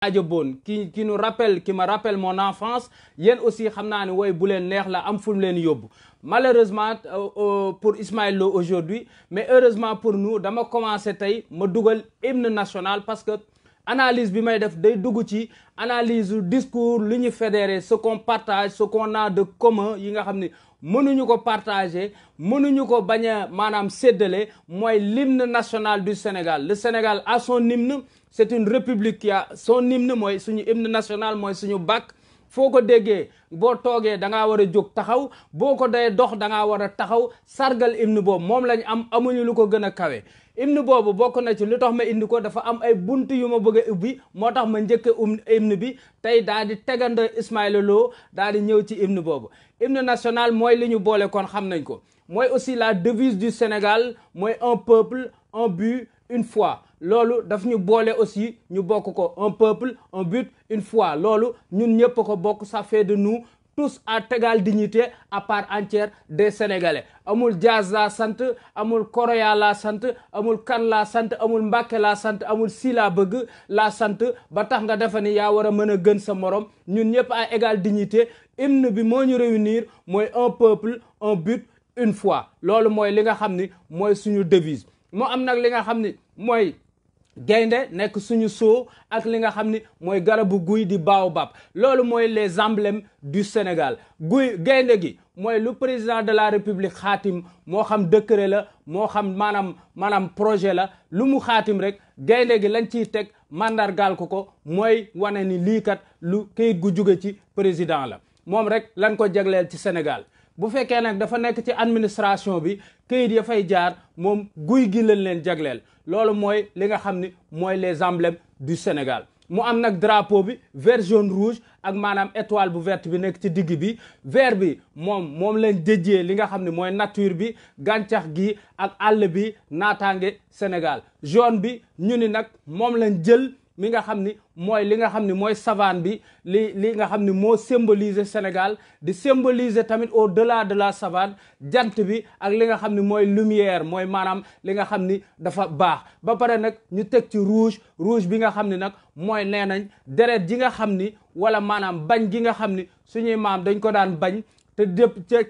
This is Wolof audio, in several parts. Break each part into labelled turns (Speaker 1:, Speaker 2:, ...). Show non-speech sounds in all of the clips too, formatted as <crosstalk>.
Speaker 1: ajaboon ki ki nu rappelle qui me rappelle mon enfance yéen aussi xam naa ne wooy buleen neex la am fu leen yóbbu malheureusement euh, euh, pour Ismaël Lo aujourd'hui mais heureusement pour nous dama commencé tey ma dugal hymne national parce que analyse bi may def day dugg ci analyse discours lu ñu fédéré ce qu'on partage ce qu'on a de commun yi nga xam ne mënuñu ko partager mënuñu ko bañ a maanaam séddale mooy l'hymne national du Sénégal le Sénégal a c'est une république qui a son hymne mooy suñu hymne national mooy suñu bàkk foo ko déggee boo toogee da ngaa war a jóg taxaw boo ko dee dox da ngaa war a taxaw sargal hymne boobu moom lañ am amuñu lu ko gën a kawe hymne boobu bokk na ci lu tax ma indi ko dafa am ay bunt yu ma bëgg a ubbi moo tax ma njëkk a um, hymne bi tey daa di teganda Ismaïla Lo daa di ñëw ci hymne boobu hymne national mooy li ñu boole kon xam nañ ko mooy aussi la devise du Sénégal mooy un peuple un but une fois loolu daf ñu boole aussi ñu bokk ko un peuple un but une fois loolu ñun ñëpp ko bokk ça fait de nous tous à égale dignité à part entière des sénégalais amul Diaz laa sant amul Koroya la sant amul Kan la sant amul Mbàkke la sant amul Si laa bëgg laa sant ba tax nga defa ni yaa war a mën a gën sa morom ñun ñëpp à égale dignité hymne bi moo ñu réunir mooy un peuple un but une fois loolu mooy li nga xam ni mooy suñu devise mu am nag li nga xam ni mooy gaynde nekk suñu soo ak li nga xam ni mooy bu guy di baobab loolu mooy les emblèmes du Sénégal guy gaynde gi mooy lu président de la république xaatim moo xam décret la moo xam maanaam maanaam projet la lu mu xaatim rek gaynde gi lañ ciy teg mandargaal ko ko mooy wane ni lii kat lu këyit gu jóge ci président la moom rek lañ ko jagleel ci Sénégal bu fekkee nag dafa nekk ci administration bi këyit ya fay jaar moom guy gi leen jagleel loolu mooy li nga xam ni mooy les emblèmes du Sénégal mu am nag drapeau bi vert jaune rouge ak maanaam étoile bu verte bi nekk ci digg bi vert bi moom moom lañ déjee li nga xam ne mooy nature bi gàncax gi ak àll bi naataange Sénégal jaune bi ñu ni nag moom lañ jël mi nga xam ni mooy li nga xam ni mooy savane bi li li nga xam ni moo symboliser Sénégal di symboliser tamit au delà de la savane jant bi ak li nga xam ni mooy lumière mooy maanaam li nga xam ni dafa baax ba pare nag ñu teg ci rouge rouge bi nga xam ni nag mooy nee nañ deret ji nga xam ni wala maanaam bañ gi nga xam ni suñuy maam dañ ko daan bañ te dépp ca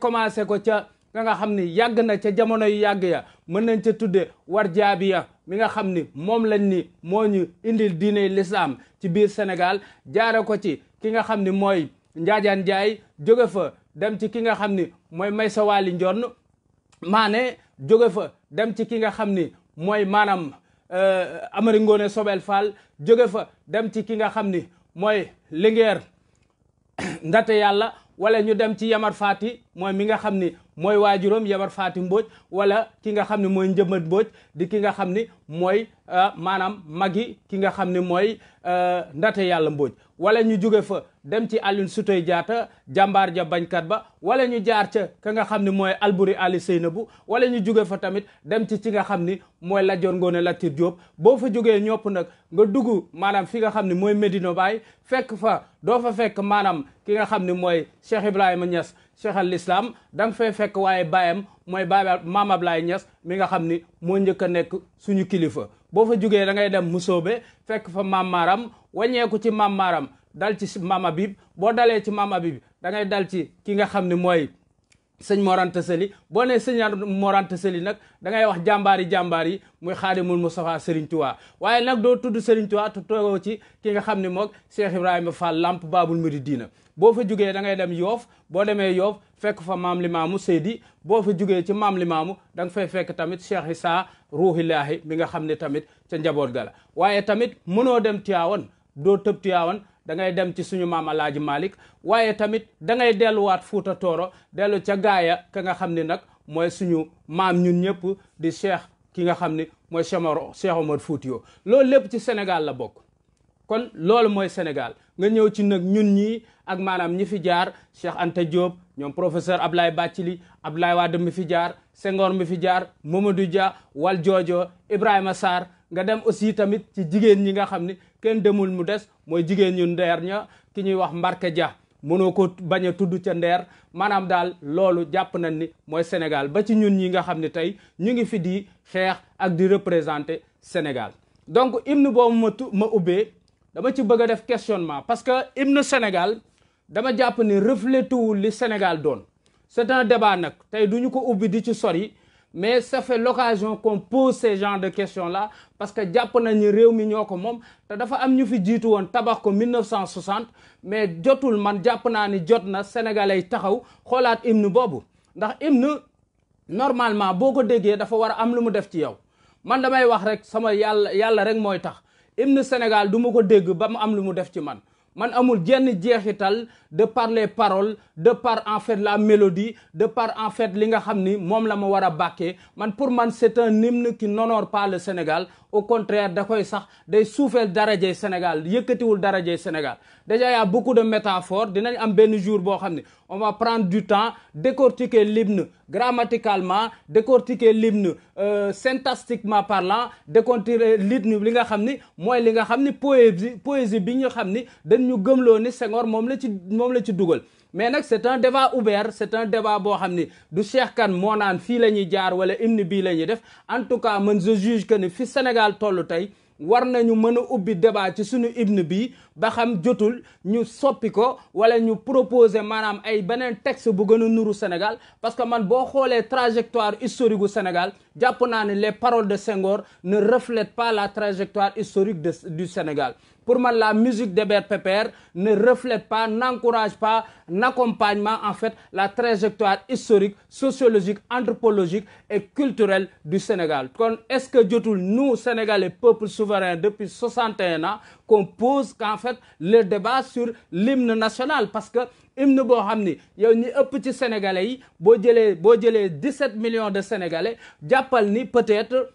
Speaker 1: ko ca ka nga xam ni yàgg na ca jamono yu yàgg ya mën nañ ca tudde war jaabi ya mi nga xam ni moom lañ ni moo ñu indil diine lislaam ci biir Sénégal jaare ko ci ki nga xam ni mooy Njaajaan jaay jóge fa dem ci ki nga xam ni mooy may sawali Njonn maane jóge fa dem ci ki nga xam ni mooy maanaam euh, Amari Ngoone Sobel Fall jóge fa dem ci ki nga xam ni mooy Linguère <coughs> Ndate Yàlla wala ñu dem ci Yamar Faati mooy mi nga xam ni mooy waajuram jabar Faati Mbooj wala ki nga xam ne mooy Njëmat Mbooj di ki nga xam ni mooy euh, maanaam magi ki nga xam ne mooy euh, Ndate Yàlla Mbooj wala ñu juge fa dem ci Alioune Sitoé jaata jàmbaar ja bañkat ba wala ñu jaar ca ka nga xam ne mooy Alburi Ali Seynabu wala ñu juge fa tamit dem ci ci nga xam ni mooy Lat Joor Ngoone Latiir Jóob boo fa jugee ñopp nag nga dugg maanaam fi nga xam ne mooy Medina Baay fekk fa doo fa fekk maanaam ki nga xam ne mooy Cheikh Ibrahima Niass cheikh al islam da nga fay fekk waaye baayam mooy baay maam Ablaye Niass mi nga xam ni moo njëkk a nekk suñu kilifa boo fa jugee da ngay dem musoobe fekk fa maam maaram wàññeeku ci maam maaram dal ci maam Habib boo dalee ci maam Habib dangay dal ci ki nga xam ni mooy sëñ Morante Sëli boo nee sëñ Morante Sëli nag dangay ngay wax jàmbaar yi jàmbaar yi muy xaadimul Moustapha Serigne Touba waaye nag doo tudd Serigne Touba te ci ki nga xam ne moog Cheikh Ibrahima Fall Lamp Baabul diina boo fa jugee da ngay dem Yoof boo demee Yoof fekk fa maam limaamu Seydi boo fa jugee ci maam limaamu da nga fay fekk tamit Cheikh Issa Ruuhilaahi mi nga xam ne tamit ca njaboot ga la waaye tamit mënoo dem Tiwaawan doo tëb Tiwaawan da ngay dem ci suñu maam Alaaji Malick waaye tamit dangay ngay delluwaat Fuuta Tooro dellu ca gaaya ka nga xam ni nag mooy suñu maam ñun ñëpp di cheikh ki nga xam ni mooy Cheikh Omar Foutiyou loolu lépp ci Sénégal la bokk kon loolu mooy Sénégal nga ñëw ci nag ñun ñii ak maanaam ñi fi jaar Cheikh Anta Diop ñoom professeur Ablaye Bathily Ablaye Wade mi fi jaar Senghor mi fi jaar Mamadou Dia Wal Joojo Ibrahima Sarr nga dem aussi tamit ci jigéen ñi nga xam ni kenn demul mu des mooy jigéen ñu ndeer ña ki ñuy wax mbarke Dia mënoo ko bañ a tudd ca ndeer maanaam daal loolu jàpp na ni mooy Sénégal ba ci ñun ñi nga xam ne tey ñu ngi fi di xeex ak di représenter Sénégal donc hymne boobu ma ma ubbee dama ci bëgg a def questionnement parce que hymne Sénégal dama jàpp ni reflété wul li Sénégal doon c'est un débat nag tey du ñu ko ubbi di ci yi mais ça fait l'occasion qu'on pose ces de question là parce que jàpp nañu réew mi ñoo ko moom te dafa am ñu fi jiitu woon tabax ko 1960 mais jotul man jàpp naa ni jot na sénégalais yi taxaw xoolaat hymne boobu ndax hymne normalement boo ko déggee dafa war a am lu mu def ci yow man damay wax rek sama yàlla yàlla rek mooy tax hymne Sénégal du ma ko dégg ba mu am lu mu def ci man man amul jenn jeexital de par les paroles de par en fait la mélodie de par en fait li nga xam ni moom la ma war a bàkkee man pour man c'est un hymne qui n'honore pas le Sénégal au contraire da koy sax day suufeel darajey Sénégal yëkkatiwul darajey Sénégal déjà y a beaucoup de métaphores dinañ am benn jour boo xam ne on va prendre du temps décortiquer l'hymne grammaticalement décortiquer l'hymne euh, syntastiquement parlant décortiquer l'hymne li nga xam ni mooy li nga xam ni poésie poésie bi ñu xam ni dañ ñu gëmloo ni Senghor moom la ci moom la ci dugal mais nag c'est un débat ouvert c'est un débat boo xam ni du Cheikh Kane moo naan fii la ñuy jaar wala hymne bii la ñuy def en tout cas man je juge que ni fi Sénégal tollu tey war nañu mën a ubbi débat ci suñu hymne bi ba xam jotul ñu soppi ko wala ñu proposer maanaam ay beneen texte bu gën a nuru Sénégal parce que man boo xoolee trajectoire historique gu Sénégal jàpp naa ne les paroles de Senghor ne reflètent pas la trajectoire historique de du Sénégal Pour man la musique d'Hébert Pépère ne reflète pas, n'encourage pas, n'accompagne pas en fait la trajectoire historique, sociologique, anthropologique et culturelle du Sénégal. Kon est-ce que jotul nous Sénégalais peuple souverain depuis 61 ans qu'on pose qu'en fait le débat sur l'hymne national parce que hymne boo xam ni yow ñi ëpp ci sénégalais yi boo jëlee boo jëlee 17 millions de sénégalais jàppal ni peut-être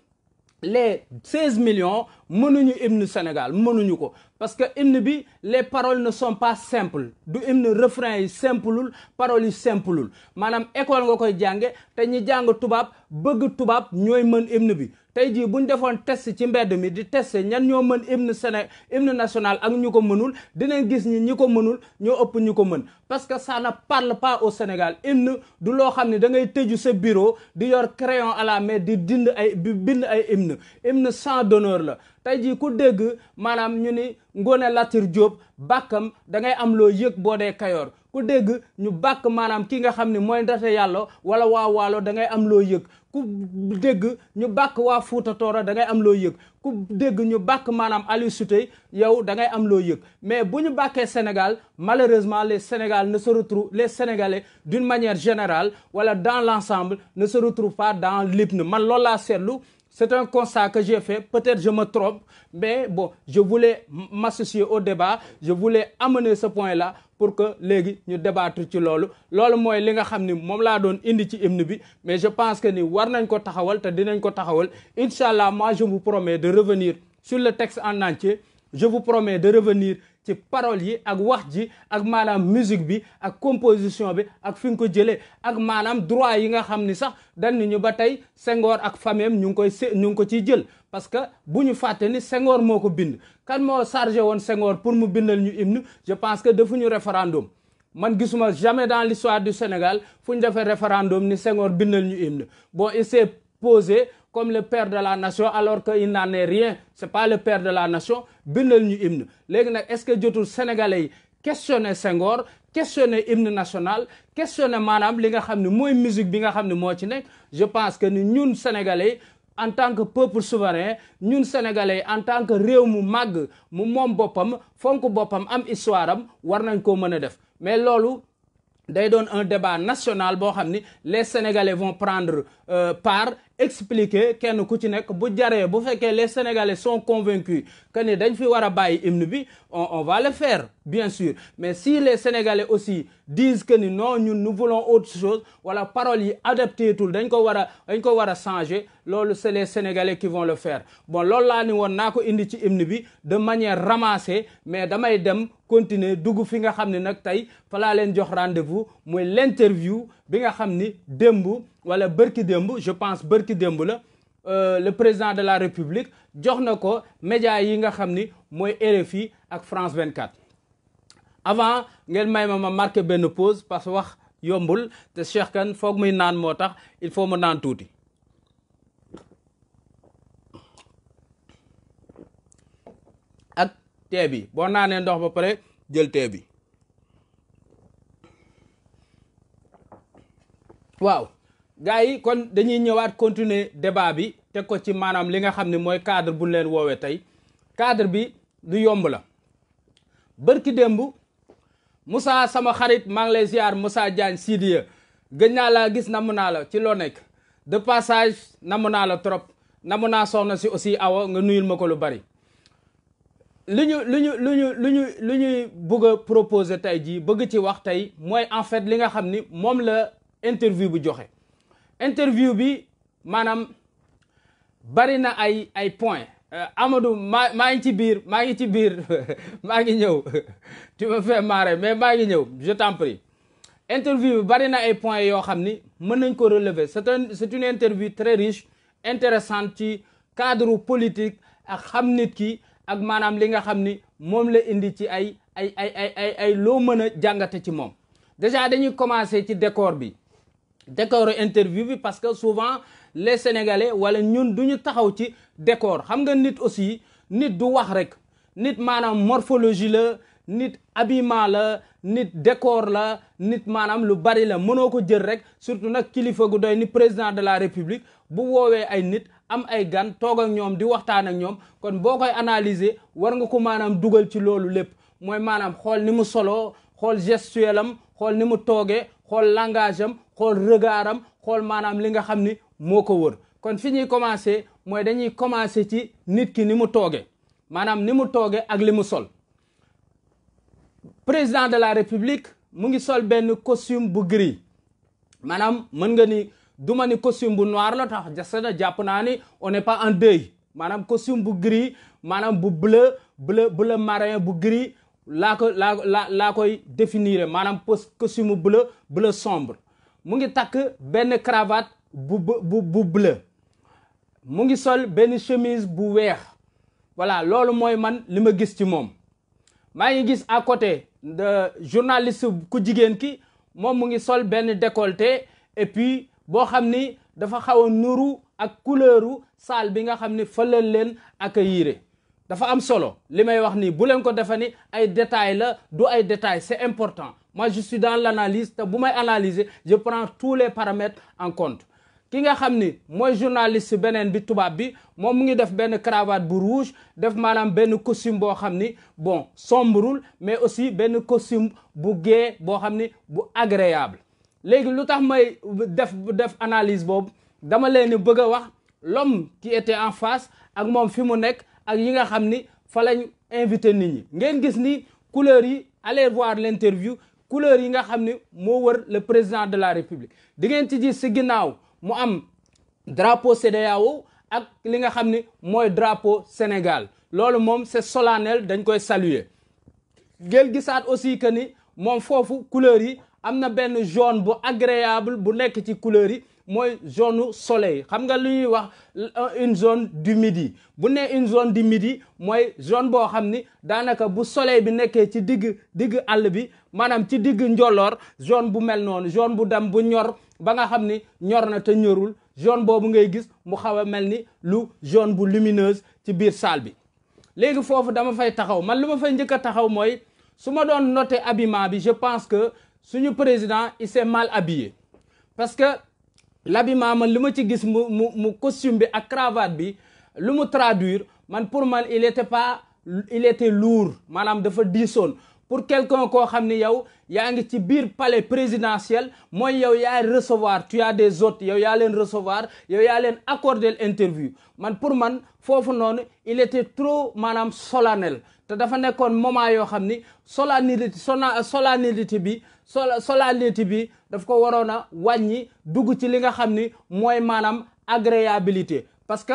Speaker 1: les 16 millions mënuñu hymne Sénégal mënuñu ko parce que hymne bi les parole ne sont pas simples du hymne refrain yi simplul parole yi simplul maanaam école nga koy jànge te ñi jàng tubaab bëgg tubaab ñooy mën hymne bi tey jii buñ defoon test ci mbedd mi di teste ñan ñoo mën hymne Sénégal hymne national ak ñu ko mënul dinañ gis ñi ñi ko mënul ñoo ëpp ñu ko mën parce que ça ne parle pas au Sénégal hymne du loo xam ne da ngay tëju sa bureau di yor crayon à la di dind ay bind ay hymne hymne sans d'honneur la tey jii ku dégg maanaam ñu ni Ngoné Latyr Diop bàkkam da ngay am loo yëg boo dee Kayoor ku dégg ñu bàkk maanaam ki nga xam ne mooy Ndate Yàlla wala waa Waalo da ngay am loo yëg ku dégg ñu bàkk waa Fuuta Tooro da ngay am loo yëg ku dégg ñu bàkk maanaam Aliou Souté yow da ngay am loo yëg mais bu ñu bàkkee Sénégal malheureusement les Sénégal ne se retrouvent les Sénégalais d'une manière général wala dans l'ensemble ne se retrouvent pas dans l'hymne man loolu laa seetlu C'est un constat que j'ai fait, peut-être je me trompe, mais bon, je voulais m'associer au débat, je voulais amener ce point la pour que léegi ñu débattre ci loolu loolu mooy li nga xam ni moom laa doon indi ci hymne bi mais je pense que ni war nañ ko taxawal te dinañ ko taxawal incha allah moi je vous promets de revenir sur le texte en entier je vous promets de revenir ci parole yi ak wax ji ak maanaam musique bi ak composition bi ak fi nga ko jëlee ak maanaam droit yi nga xam ni sax dañ ñu ba tey sengoor ak famem ñu ngi koy ñu ngi ko ciy jël parce que bu ñu fàtte ni sengoor moo ko bind kan moo chargé woon Senghor pour mu bindal ñu hymne je pense que defuñu référendum man gisuma jamais dans l'histoire du Sénégal fu ñu defee référendum ni Senghor bindal ñu hymne bon il s'est posé comme le père de la nation alors que il n'en est de la nation bindal ñu hymne léegi nag est-ce que jotul sénégalais yi questionner Senghor questionner hymne national questionner maanaam li nga xam ne mooy musique bi nga xam ne moo ci nekk je pense que ni ñun sénégalais en tant que peuple souverain ñun sénégalais en tant que réew mu màgg mu moom boppam fonk boppam am histoire am war nañ koo mën a def mais loolu day doon un débat national boo xam ni les sénégalais vont prendre Euh, par expliquer kenn ku ci nekk bu jaree bu fekkee le sénégalais son convaincus que ni dañ fi war a bàyyi hymne bi on on va le faire bien sûr mais si les sénégalais aussi disent que ni non ñun nous voulons chose wala paroles yi adapté tul dañ ko war a dañ ko war a changer loolu c'est les sénégalais qui vont le faire bon loolu laa ni woon naa ko indi ci hymne bi de manière ramassée mais damay dem continuer dugg fi nga xam ne nag tey fa leen jox rendez-vous mooy l'interview bi nga xam ni démb wala bërki démb je pense bërki démb la euh, le président de la république jox na ko média yi nga xam ni mooy RFI ak France vingt 24. avant ngeen may ma ma marqué benn pause parce que wax yombul te Cheikh Kane foog muy naan moo tax il faut mu naan tuuti. ak tee bi boo naanee ndox ba pare jël tee bi. waaw gars yi kon dañuy ñëwaat continuer débat bi teg ko ci maanaam li nga xam ne mooy cadre bu ñu leen woowee tey cadre bi du yomb la bërki démb Moussa sama xarit maa ngi lay ziar Moussa Diagne Sidiya gëj naa laa gis namm naa la ci loo nekk de passage namm naa la trop namm naa soxna si aussi awa nga nuyul ma ko lu bari lu ñu lu ñu lu ñu lu ñu lu ñuy bëgg a tey jii bëgg ci wax tey mooy en fait li nga xam ni moom la interview bu joxe interview bi maanaam bari na ay ay point euh, Amadou maa maa ngi ci biir maa ngi ci biir <laughs> maa ngi ñëw <laughs> tu me fais marrer mais maa ngi ñëw je t'en prie interview bi bari na ay points yoo xam ni mën nañ ko relever c'est un c'est une interview très riche intéressante ci cadre politique ak xam nit ki ak maanaam li nga xam ni moom la indi ci ay ay ay ay ay ay loo mën a jàngate ci moom déjà dañuy commencer ci décor bi décorer interview bi parce que souvent les sénégalais wala ñun du ñu taxaw ci décor xam nga nit aussi nit du wax rek nit maanaam morphologie la nit habillement la nit décor la nit maanaam lu bari la mënoo ko jël rek surtout nag kilifa gu doy ni président de la république bu woowee ay nit am ay gan toog ak ñoom di waxtaan ak ñoom kon boo koy analyser war nga ko maanaam dugal ci loolu lépp mooy maanaam xool ni mu solo xool gestuel am xool ni mu toogee xool langagem am xool regard am xool maanaam li nga xam ni moo ko wër kon fi ñuy commencé mooy dañuy commencé ci nit ki ni mu toogee maanaam ni mu toogee ak li mu sol président de la république mu ngi sol benn costume bu gris maanaam mën nga ni duma ni costume bu noir la tax jasada jàpp naa ni on n'est pas en deuil maanaam costume bu gris maanaam bu bleu bleu bleu marin bu gris laa ko laa laa laa koy définir maanaam costume bleu bleu sombre mu ngi takk benn cravate bu bu bleu mu ngi sol benn chemise bu weex voilà loolu mooy man li ma gis ci moom maa ngi gis à côté de journaliste ku jigéen ki moom mu ngi sol benn décolleté et puis boo xam ni dafa xaw a nuru ak couleuru salle bi nga xam ni fëlal leen ak accueillir dafa am solo li may wax nii bu leen ko defe ni ay détails la du ay détails c'est important moi je suis dans l'analyse te bu may analyser je prends tous les paramètres en compte ki nga xam ni mooy journaliste beneen bi tubaab bi moom mu ngi def benn cravate bu rouge def maanaam benn costume boo xam ni bon sombrul mais aussi benn costume bu gay boo xam ni bu agréable léegi lu tax may def def analyse boobu dama leen bëgg a wax lom qui était en face ak moom fi mu nekk ak yi nga xam ni fa lañ invité nit ngeen gis ni couleur yi allez voir l' interview yi nga xam ni moo war le président de la république di ngeen ci gis ginnaaw mu am drapeau CEDEAO ak li nga xam ni mooy drapeau Sénégal loolu moom c' solennel dañ koy saluer ngeen gisaat aussi que ni moom foofu couleur yi am na benn jaune bu agréable bu nekk ci couleur yi mooy zone soleil xam nga lu ñuy wax euh, une zone du midi bu ne une zone du midi mooy zone boo xam ni daanaka bu soleil bi nekkee ci digg digg àll bi maanaam ci digg njolloor zone bu mel noonu zone bu dam bu ñor ba nga xam ni ñor na te ñorul zone boobu ngay gis mu xaw a mel ni lu zone bu lumineuse ci biir salle bi léegi foofu dama fay taxaw man lu ma fay njëkk a taxaw mooy su ma doon noté habillement bi je pense que suñu président il s'est mal habillé parce l'habillement man li ma ci gis mu mu mu costume bi ak cravate bi lu mu traduire man pour man il était pas il était lourd maanaam dafa diisoon pour quelqu'un koo xam ni yow yaa ngi ci biir palais présidentiel mooy yow yaay recevoir tu des hôtes yow yaa leen recevoir yow yaa leen accorder interview man pour man foofu noonu il était trop maanaam solennel te dafa nekkoon moment yoo xam ni solennité solennité bi sola solaliti bi daf ko waroon a wàññi dugg ci li nga xam ni mooy maanaam agréabilité parce que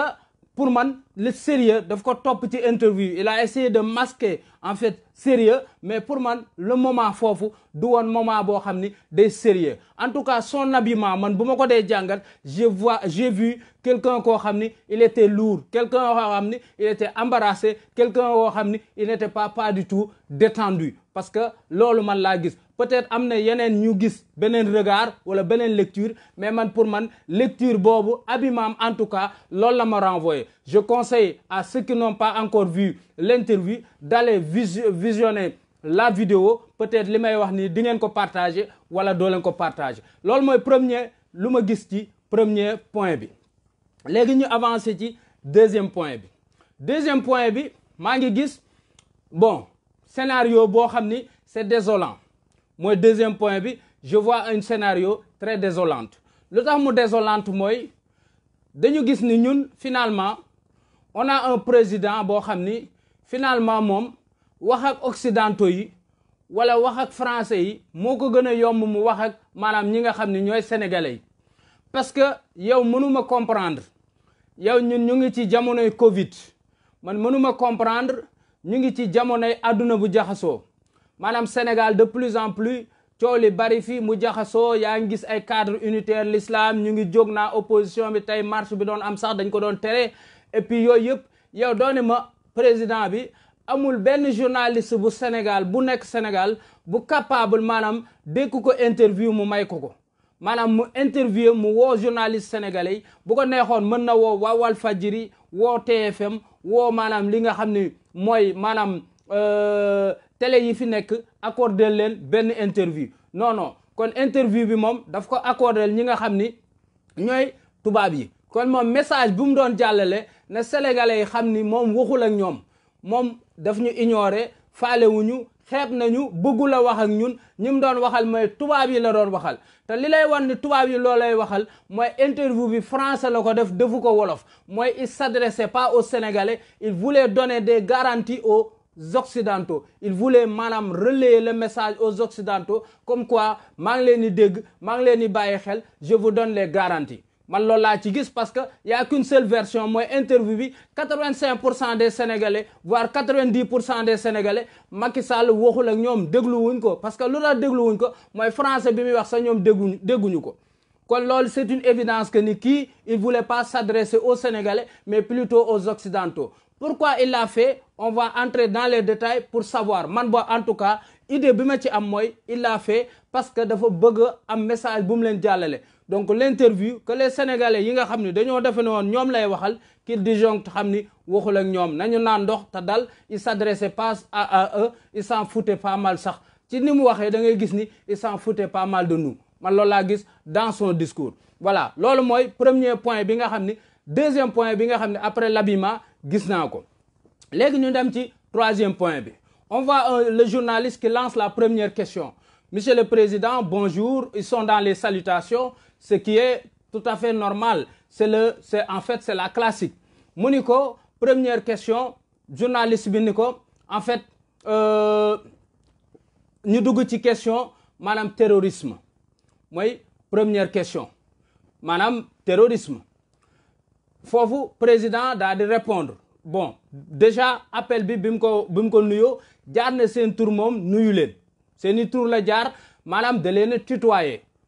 Speaker 1: pour man le sérieux daf ko topp ci interview il la essayé de masquer en fait sérieux mais pour man le moment foofu du woon moment boo xam ni day sérieux en tout cas son habillement man bu ma ko dee jàngat je vois j'ai vu quelqu'un koo xam ni il était lourd quelqu'un koo xam ni il était embarrassé quelqu'un koo xam ni il n'était pas pas du tout détendu parce que loolu man laa gis peut-être am na yeneen ñu gis beneen regard wala beneen lecture mais man pour man lecture boobu abimam en tout cas loolu la ma renvoyé je conseille à ceux qui pas encore vu l'interview d'aller visionner la video peut-être li may wax nii di ngeen ko partager wala doo ko partager loolu mooy premier lu ma gis ci premier point bi léegi ñu avancer ci deuxième point bi deuxième point bi maa ngi gis bon scénario boo xam ni c'est désolant mooy deuxième point bi je vois un scénario très désolante lu tax mu désolante mooy dañu gis ni ñun finalement on un président boo xam ni finalement moom waxak ak yi wala wax ak français yi moo ko gën a yomb mu wax ak maanaam ñi nga xam ni ñooy sénégalais yi parce que yow mënuma comprendre yow ñun ñu ngi ci jamonoy Covid man mënuma comprendre ñu ngi ci jamonoy àdduna bu jaxasoo maanaam Sénégal de plus en plus coow li bari fii mu jaxasoo yaa ngi gis ay cadre unitaire l'islam ñu ngi jóg naa opposition bi tey marche bi doon am sax dañ ko doon tere et puis yooyu yëpp yow doone ma président bi amul benn journaliste bu Sénégal bu nekk Sénégal bu capable maanaam dékk ko interview mu may ko ko maanaam mu interview mu woo journaliste sénégalais bu ko neexoon mën na woo waa Walfadjiri woo TFM woo maanaam li nga xam ni mooy maanaam euh, télé yi fi nekk accordé leen benn interview non non kon interview bi moom daf ko accordé ñi nga xam ni ñooy tubaab yi kon moom message bu mu doon jàllale na sénégalais yi xam ni moom waxul ak ñoom moom daf ñu ignoré faalewuñu xeeb nañu bëggul a wax ak ñun ñi mu doon waxal mooy tubaab yi la doon waxal te li lay wan ni tubaab yi loo lay waxal mooy interview bi france la ko def defu ko wolof mooy il s'adressait pas aux sénégalais il voulait donner des garanties aux occidentaux il voulait maanaam relayer la message au occidentaux comme quoi maa ngi leen di dégg maa ngi leen di bàyyi xel je vous donne les garanties man loolu laa ci gis parce que ya a qu'une seule version mooy interview bi 85 pour cent des sénégalais voire 90 pour cent des sénégalais Macky Sall ak ñoom dégluwuñ ko parce que lu tax wuñ ko mooy france bi muy wax sax ñoom dégguñu dégguñu ko kon loolu c'est une évidence que ni kii il voulait pas s'adresser au sénégalais mais plutôt au occidentaux pourquoi il l'a fait on va entrer dans les détails pour savoir man boo en tout cas idée bi ma ci am mooy il l'a parce que dafa bëgg am message bu leen jàllale donc l'interview que les sénégalais yi nga xam ni dañoo defe woon ñoom lay waxal ki disjoncte xam ni waxul ak ñoom nañu naan ndox te dal il s'adressait pas à eux il s'en foutait pas mal sax ci ni mu waxee da ngay gis ni il s'en foutait pas mal de nous man loolu laa gis dans son discours voilà loolu mooy premier point bi nga xam ni deuxième point bi nga xam ne après l'habillement gis naa ko léegi ñu dem ci troisième point bi on voit euh, le journaliste qui lance la première question monsieur le président bonjour ils sont dans les salutations ce qui est tout à fait normal c'est le c'est en fait c'est la classique mu ni ko première question journaliste bi ni ko en fait euh, ñu dugg ci question maanaam terrorisme mooy première question maanaam terrorisme foofu président daal di répondre bon déjà appel bi bim ko bi ko nuyoo jaar na seen tur moom nuyu leen seeni tur la jaar maanaam da leen a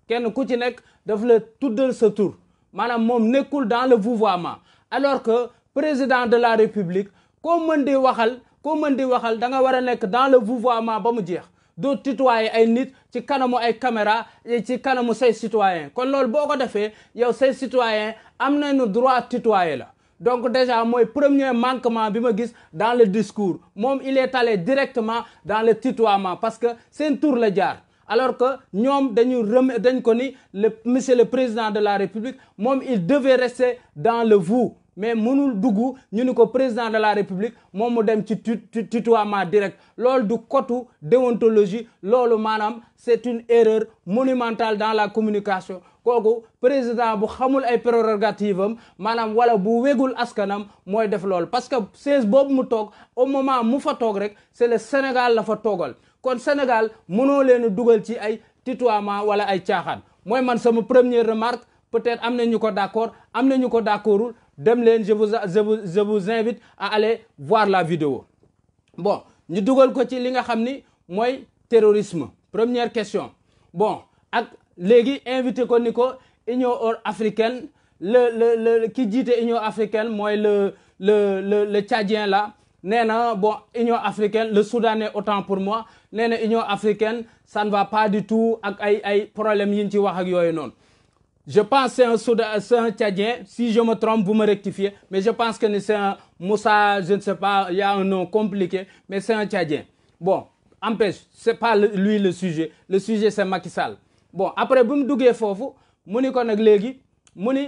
Speaker 1: kenn ku ci nekk daf la tuddal sa tur maanaam moom nekkul dans le vouvoiement alors que président de la république koo mën di waxal koo mën di waxal danga nga war a nekk dans le vouvoiement ba mu jeex doo tutoyer ay nit ci kanamu ay caméra ci kanamu say citoyen kon loolu boo ko defee yow say citoyen am na nañu droit tutoyer la donc déjà mooy premier manquement bi ma gis dans le discours moom il est allé directement dans le tutoiement parce que seen tour la jaar alors que ñoom dañu rem dañ ko ni le monsieur le président de la république moom il devait rester dans le vous mais mënul dugg ñu ni ko président de la république moom mu dem ci tutoiement direct loolu du kotu déontologie loolu maanaam c'est une erreur monumentale dans la communication kooku président bu xamul ay prérogative am maanaam wala bu wégul askanam mooy def loolu parce que siège boobu mu toog au moment mu fa toog rek c'est le Sénégal la fa toogal kon Sénégal mënoo leen dugal ci ay tutoiement wala ay caaxaan mooy man sama première remarque peut-être am na ñu ko d'accord am na ñu ko d'accordul dem leen je vous je vous je à aller voir la vidéo bon ñu dugal ko ci li nga xam ni mooy terrorisme première question bon ak léegi invité ko ni ko Union africaine le le le ki jiite Union africaine mooy le le le le Tchadien là nee na bon Union africaine le Soudanais autant pour moi nee na Union africaine ça ne va pas du tout ak ay ay problèmes yi ñu ci wax ak yooyu noonu. je pense c'est un Soudan c'est un Tchadien si je me trompe vous me rectifiez mais je pense que ni c'est un Moussa je ne sais pas il a un nom compliqué mais c'est un Tchadien bon empêche c'est pas lui le sujet le sujet c'est Macky bon après bu mu duggee foofu mu ni ko nag léegi mu ni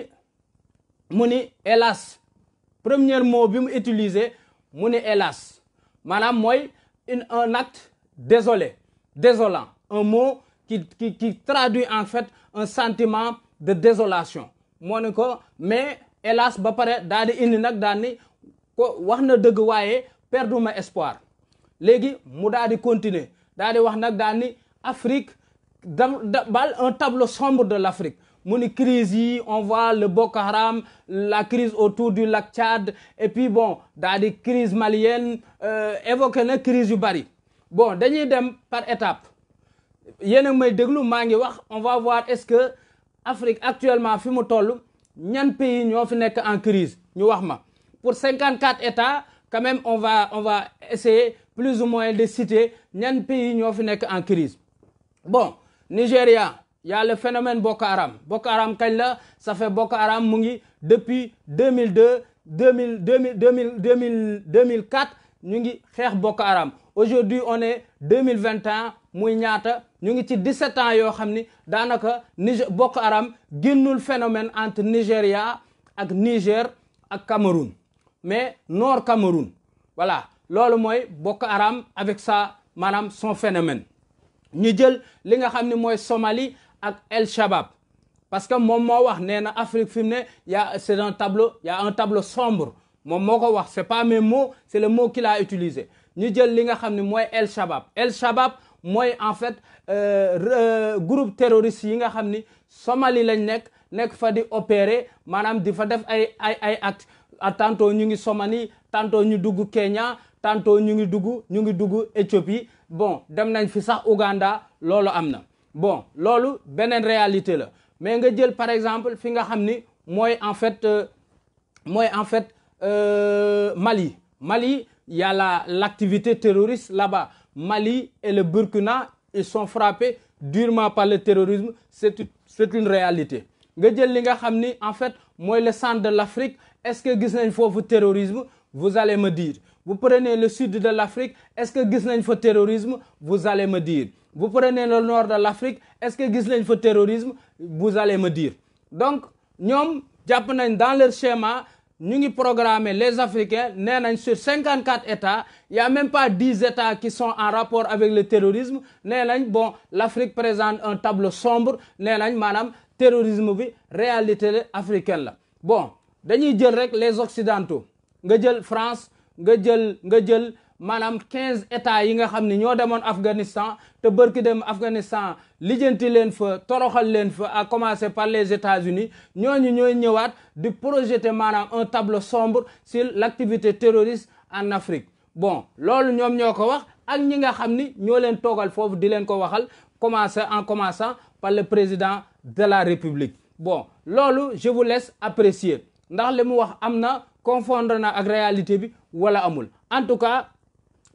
Speaker 1: mu ni hélas premier mo bi mu utilisé mu ni hélas maanaam mooy un acte désolé désolant un mot qui qui qui traduit en fait un sentiment de désolation moo ne ko mais hélas ba pare daal di indi nag daal ni wax na dëgg waaye ma espoir léegi mu daal di continuer daal di wax nag daal Afrique da bal un table sombre de l'Afrique mu ni crise yi on voit le Boko Haram la crise autour du lac Tchad et puis bon daal di crise malienne euh, évoqué na crise yu bari bon dañuy dem par étape yéen a may déglu maa ngi wax on va voir est-ce que Afrique actuellement fi mu toll ñan pays ñoo fi nekk en crise ñu wax ma pour 54 états quand même on va on va essayer plus ou moins de citer ñan pays ñoo fi nekk en crise bon Nigéria y a le phénomène Boko Haram Boko Haram kañ la ça fait Boko Haram mu ngi depuis 2002 2000 2000 2000 2004 ñu ngi xeex Boko Haram aujourd'hui on est 2021 muy ñaata ñu ngi ci 17 ans yoo xam ni daanaka Niger Boko Haram génnul phénomène entre Nigéria ak Niger ak Cameroun mais nord Cameroun voilà loolu mooy Boko Haram avec ça maanaam son phénomène ñu jël li nga xam ne mooy somali ak El Shabab parce que moom moo wax nee na Afrique fi ne y'a c'est un tableau ya a un tableau sombre moom moo ko wax c'est pas mes moo c'est le mot qu'il a ñu jël li nga xam ne mooy El Shabab El Shabab mooy en fait euh, euh, groupe terroriste yi nga xam ni somali lañ nekk nekk fa di opérer maanaam di fa def ay ay ay acte ah, tantôt ñu ngi Somalie tantôt ñu dugg Kenya tantôt ñu ngi dugg ñu ngi dugg Éthiopie bon dem nañ fi sax Ouganda loolu am na bon loolu beneen réalité la mais nga jël par exemple fi nga xam ni mooy en fait euh, mooy en fait Mali Mali y a la l'activité terroriste là-bas Mali et le Burkina ils son frappés durement par le terrorisme c'est c'est une réalité nga jël li nga xam ni en fait mooy le centre de l'Afrique est-ce que gis nañ foofu terrorisme vous allez me dire vous prenez le sud de l'Afrique est-ce que gis nañ fa terrorisme vous allez me dire vous prenez le nord de l'Afrique est-ce que gis nañ fa terrorisme vous allez me dire donc ñoom jàpp nañ dans leur schéma ñu ngi programmer les Africains nee nañ sur cinquante quatre états il y a même pas dix états qui sont en rapport avec le terrorisme nee nañ bon l'Afrique présente un tableau sombre nee nañ maanaam terrorisme bi réalité africaine la bon dañuy jël rek les occidentaux nga jël France nga jël nga jël maanaam quinze états yi nga xam ne ñoo demoon Afghanistan te bërki dem Afghanistan lijjanti leen fa toroxal leen fa à commencé par les États-Unis ñooñu ñooy ñëwaat di projeter maanaam un table sombre sur l'activité terroriste en Afrique bon loolu ñoom ñoo ko wax ak ñi nga xam ni ñoo leen toogal foofu di leen ko waxal commencer en commençant par le président de la République bon loolu je vous apprécier ndax li mu wax am na confondre na ak réalité bi wala amul en tout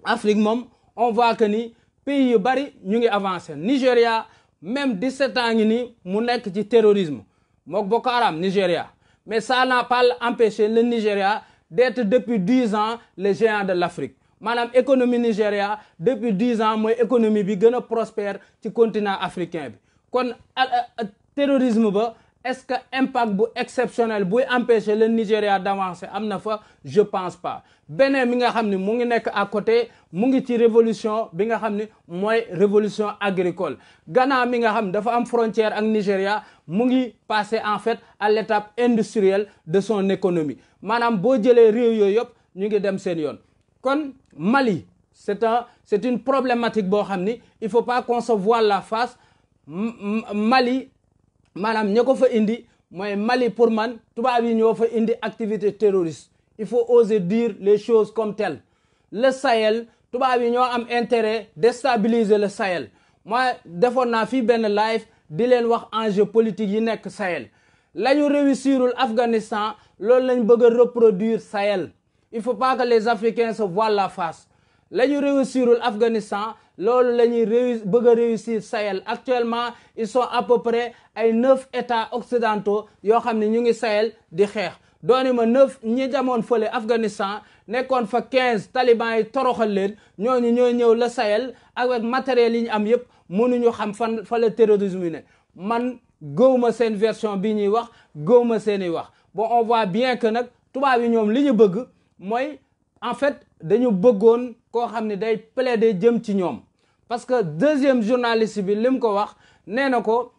Speaker 1: Afrique moom on voit que ni pays yu bari ñu ngi avancé Nigéria même 17 ans ngi ni mu nekk ci terrorisme mook Boko Haram Nigéria mais ça n'a pas empêché le Nigéria d'être depuis 10 ans le géant de l'Afrique maanaam économie Nigéria depuis 10 ans mooy économie bi gën a prospère ci continent africain bi kon euh, euh, terrorisme ba est-ce que impact bu exceptionnel buy empêcher le Nigéria d'avancer am na fa je pense pas beneen mi nga xam ni mu ngi nekk à côté mu ngi ci révolution bi nga xam ni mooy révolution agricole Ghana mi nga xam dafa am frontière ak Nigéria mu ngi passer en fait à l'étape industrielle de son économie maanaam boo jëlee réew yooyu yëpp ñu ngi dem seen yoon kon Mali c'est un c'est une problématique boo xam ni il faut pas qu'on la face Mali maanaam ña ko fa indi mooy Mali pour man tubaab yi ñoo fa indi activité terroriste il faut oser dire les choses comme telles le Sahel tubaab yi ñoo am intérêt déstabiliser le Sahel moi defoon naa fii benn live di leen wax enjeu politique yi nekk Sahel la ñu réussirul Afghanistan loolu lañ bëgg a reproduire il faut pas que les Africains se voilent la face la ñu réussirul Afghanistan loolu la ñuy réussir bëgg a réussir Sahel actuellement ils sont à peu près ay neuf état occidentaux yoo xam ne ñu ngi Sahel di xeex dooni ma neuf ñi jamoon fële Afghanistan nekkoon fa quinze taliban yi toroxal leen ñooñu ñooy ñëw la Sahel avec matériel yi ñu am yépp mënuñu xam fan fa la terrorisme yi ne man gëwma seen version bi ñuy wax gëwma seeni wax bon on voit bien que nag tubaab yi ñoom li ñu bëgg mooy en fait dañu bëggoon koo xam ne day plaider jëm ci ñoom parce que deuxième journaliste bi li ko wax nee na ko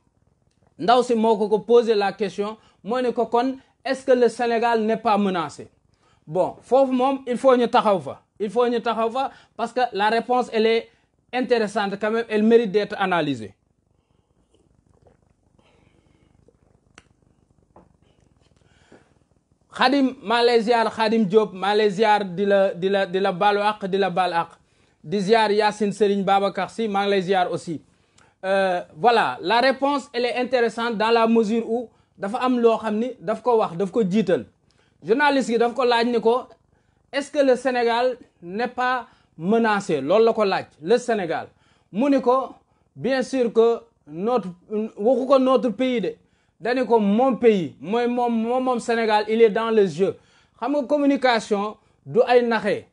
Speaker 1: ndaw si moo ko ko posé la question moo ne ko kon est-ce que le Sénégal ne pas menacé bon foofu moom il faut ñu taxaw fa il faut ñu taxaw fa parce que la réponse est intéressante quand même elle mérite d'être analysée Xadim maa lay ziar Diop maa lay di la di la di la baalu àq di la baal di ziar Yacine Serigne Babacar Sy maa ngi lay ziar aussi euh, voilà la réponse elle est intéressante dans la mesure où dafa am loo xam ni daf ko wax daf ko jiital journaliste yi daf ko laaj ni ko est-ce que le Sénégal nepa pas menacé loolu la ko laaj le Sénégal mu ni ko bien sûr que notre waxu ko notre pays de dañu ko moom pays mooy moom moom moom Sénégal il est dans le jeu xam nga communication du ay naxee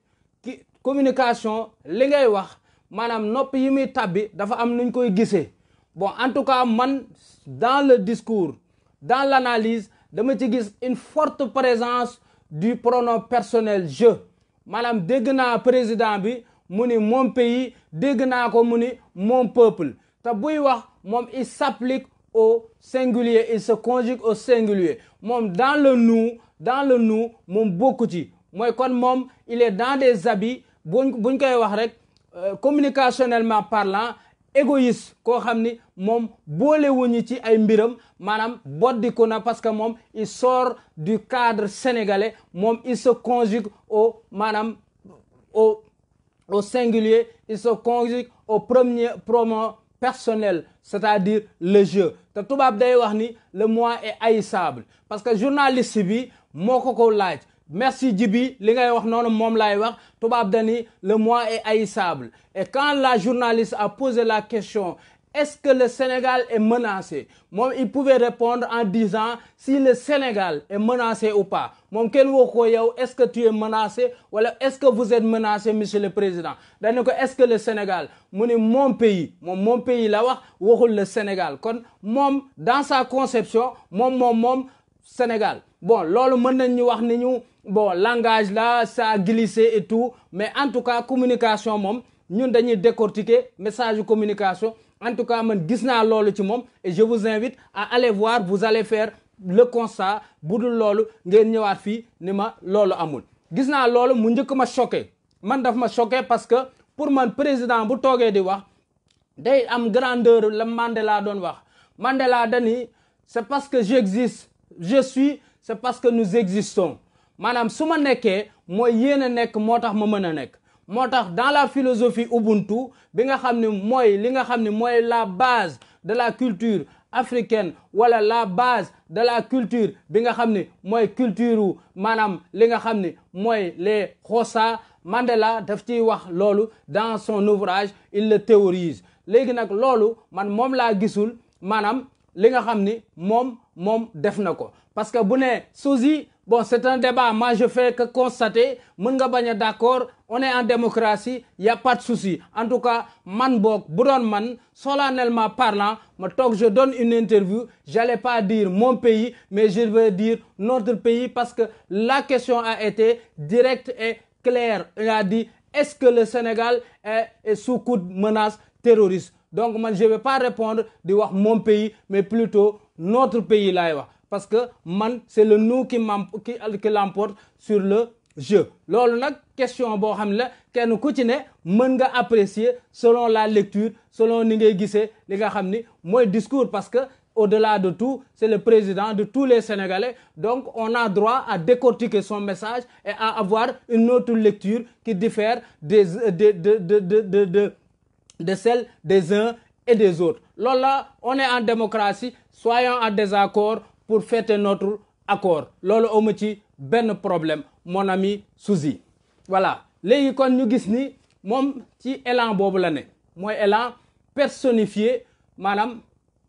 Speaker 1: communication li ngay wax maanaam nopp yi muy tàbbi dafa am nuñ koy gisee bon en tout cas man dans le discours dans l'analyse dama ci gis une forte présence du pronom personnel jeu maanaam dégg naa président bi mu ni mon pays dégg naa ko mu ni mon peuple te buy wax moom i s'applique au singulier il se conjugue au singulier moom dans le nous dans le nous mom bokku ci mooy kon moom il est dans des habits buñ buñ koy wax rek euh, communicationnellement parlant égoïste koo xam ni moom boole wuñu ci ay mbiram maanaam boddiku na parce que moom il sort du cadre sénégalais moom il se conjugue au maanaam au au singulier il se conjugue au premier pronom personnel c'est-à-dire le jeu te tubaab day wax ni le moi est haïssable parce que journaliste bi moo ko ko laaj merci Djibi li ngay wax noonu moom laay wax tubaab dani le moi est haïssable et quand la journaliste a posé la question est-ce que le Sénégal est menacé moom il pouvait répondre en disant si le Sénégal est menacé ou pas moom kenn woo ko yow est-ce que tu es menacé wala est-ce que vous êtes menacé monsieur le président dañu ko est-ce que le Sénégal mu ni mon pays moom mon pays la wax waxul le Sénégal kon moom dans sa conception moom moom moom Sénégal bon loolu mën nañ ñu wax ni ñu bon langage la ça a glissé et tout mais en tout cas communication moom ñun dañuy décortiquer message de communication en tout cas man gis naa loolu ci moom et je vous invite à aller voir vous allez faire le constat bu du loolu ngeen ñëwaat fii ni ma loolu amul. gis naa loolu mu njëkk ma choqué man daf ma choqué parce que pour man président bu toogee di wax day am grandeur la Mandela doon wax Mandela dani c'est parce que j'existe je suis c'est parce que nous existons maanaam su ma nekkee mooy yéen a nekk moo tax ma mën a nekk moo tax dans la philosophie ubuntu bi nga xam ne mooy li nga xam ne mooy la base de la culture africaine wala la base de la culture bi nga xam ne mooy culture maanaam li nga xam ne mooy les Xhosa Mandela daf ciy wax loolu dans son ouvrage il le théorise léegi nag loolu man moom laa gisul maanaam li nga xam ni moom moom def na ko parce que bu ne sosie bon c'est un débat moi je fais que constater mën nga bañ a d'accord on est en démocratie y a pas en tout cas man boog bu doon man solennellement parlant ma toog je donne une interview j'allais pas dire mon pays mais je vais dire notre pays parce que la question a été directe et claire il a est-ce que le Sénégal est sous coup de menace terroriste donc man je vais pas répondre di wax mon pays mais plutôt notre pays laay wax parce que man c'est le nous qui qui qui l'emporte sur le jeu loolu nag question boo xam ne la kenn ku ci ne mën nga apprécier selon la lecture selon ni ngay gisee li nga xam ni mooy discours parce que au-delà de tout c'est le président de tous les Sénégalais donc on a droit à décortiquer son message et à avoir une autre lecture qui diffère des de de de de de de celle des uns et des autres loolu la on est en démocratie soyons en désaccord pour fêter notre accord loolu amu ci benn problème mon ami Souzy voilà léegi kon ñu gis ni moom ci élan boobu la ne mooy élan personnifier maanaam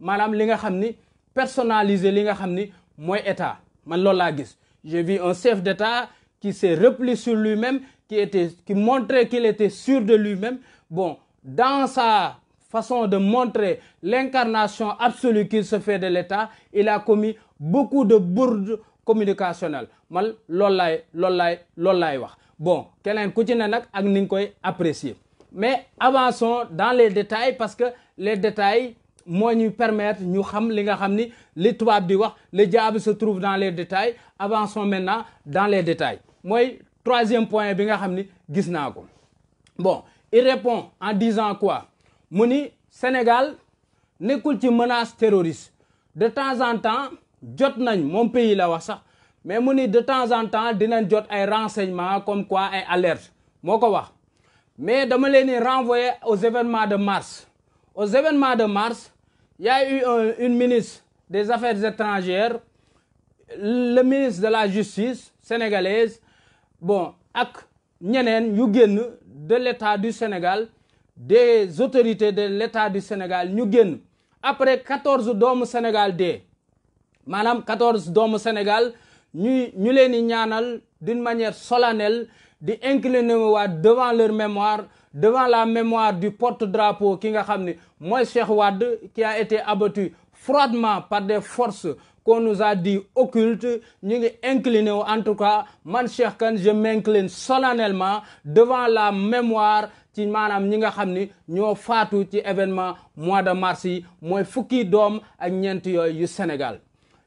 Speaker 1: maanaam li nga xam ni personnaliser li nga xam ni mooy état man loolu laa gis je vi un chef d'état qui s'est replié sur lui-même qui était qui montrait qu'il était sûr de lui-même bon dans sa façon de montrer l'incarnation absolue qu'il se fait de l'État, il a commis beaucoup de bourdes communicationnelles. man loolu laay loolu laay loolu laay wax bon keneen ku ci ne nag ak ni nga koy apprécier mais avançons dans les détails parce que les détails moo ñuy permettre ñu xam li nga xam ni li tubaab di wax le diable se trouve dans les détails avançons maintenant dans les détails mooy troisième point bi nga xam ni gis naa ko bon il répond en disant quoi mu ni Sénégal nekkul ci menace terroriste de temps en temps jot nañ moom pays la wax sax mais mu ni de temps en temps dinañ jot ay renseignements comme quoi ay alerte moo ko wax mais dama leen di renvoyer au événements de mars au événements de mars ya a un, une ministre des affaires étrangères le ministre de la justice sénégalaise bon ak ñeneen yu génn de l'État du Sénégal des autorités de l'État du Sénégal ñu génn après quatorze doomu Sénégal dee maanaam quatorze doomu Sénégal ñuy ñu leen di ñaanal d'une manière solennelle di incliner waat devant leur mémoire devant la mémoire du porte-drapeau ki nga xam ne mooy Cheikh Wade qui a été abattu froidement par des forces qu'on nous a dit ñu ngi incliné wu en tout cas man Cheikh Kane je m'incline solennellement devant la mémoire ci maanaam ñi nga xam ni ñoo faatu ci événement mois de mars yi mooy fukki doom ak ñeent yooyu yu Sénégal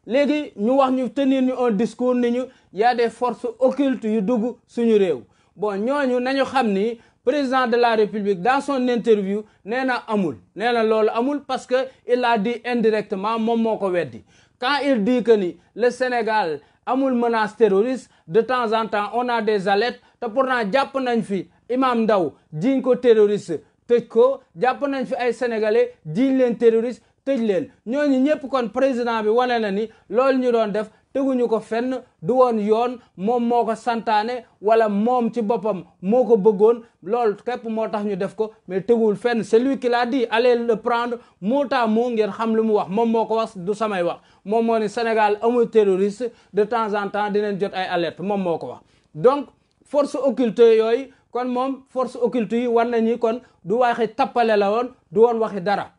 Speaker 1: léegi ñu wax ñu tenir ñu un discours ni ñu y a des forces occultes yu dugg suñu réew bon ñoo ñooñu nañu xam ni président de la république dans son interview nee na amul nee na loolu amul parce que il a dit indirectement moom moo ko weddi quand il dit que ni le Sénégal amul menace terroriste de temps en temps on a des alertes te na jàpp nañ fi Imam Ndaw jiñ ko terroriste tëj ko jàpp nañ fi ay sénégalais jiñ leen terroriste tëj leen ñooñu ñëpp kon président bi wane na ni loolu ñu doon def teguñu ko fenn du woon yoon moom moo ko santaane wala moom ci boppam moo ko bëggoon loolu képp moo tax ñu def ko mais teguwul fenn celui qui l'a dit allez le prendre mot à mot ngeen xam lu mu wax moom moo ko wax du samay wax moom moo ni Sénégal amul terroriste de temps en temps dinañ jot ay alerte moom moo ko wax donc force occulte yooyu kon moom force occulte yi war ni kon du waxi tappale la woon du woon waxi dara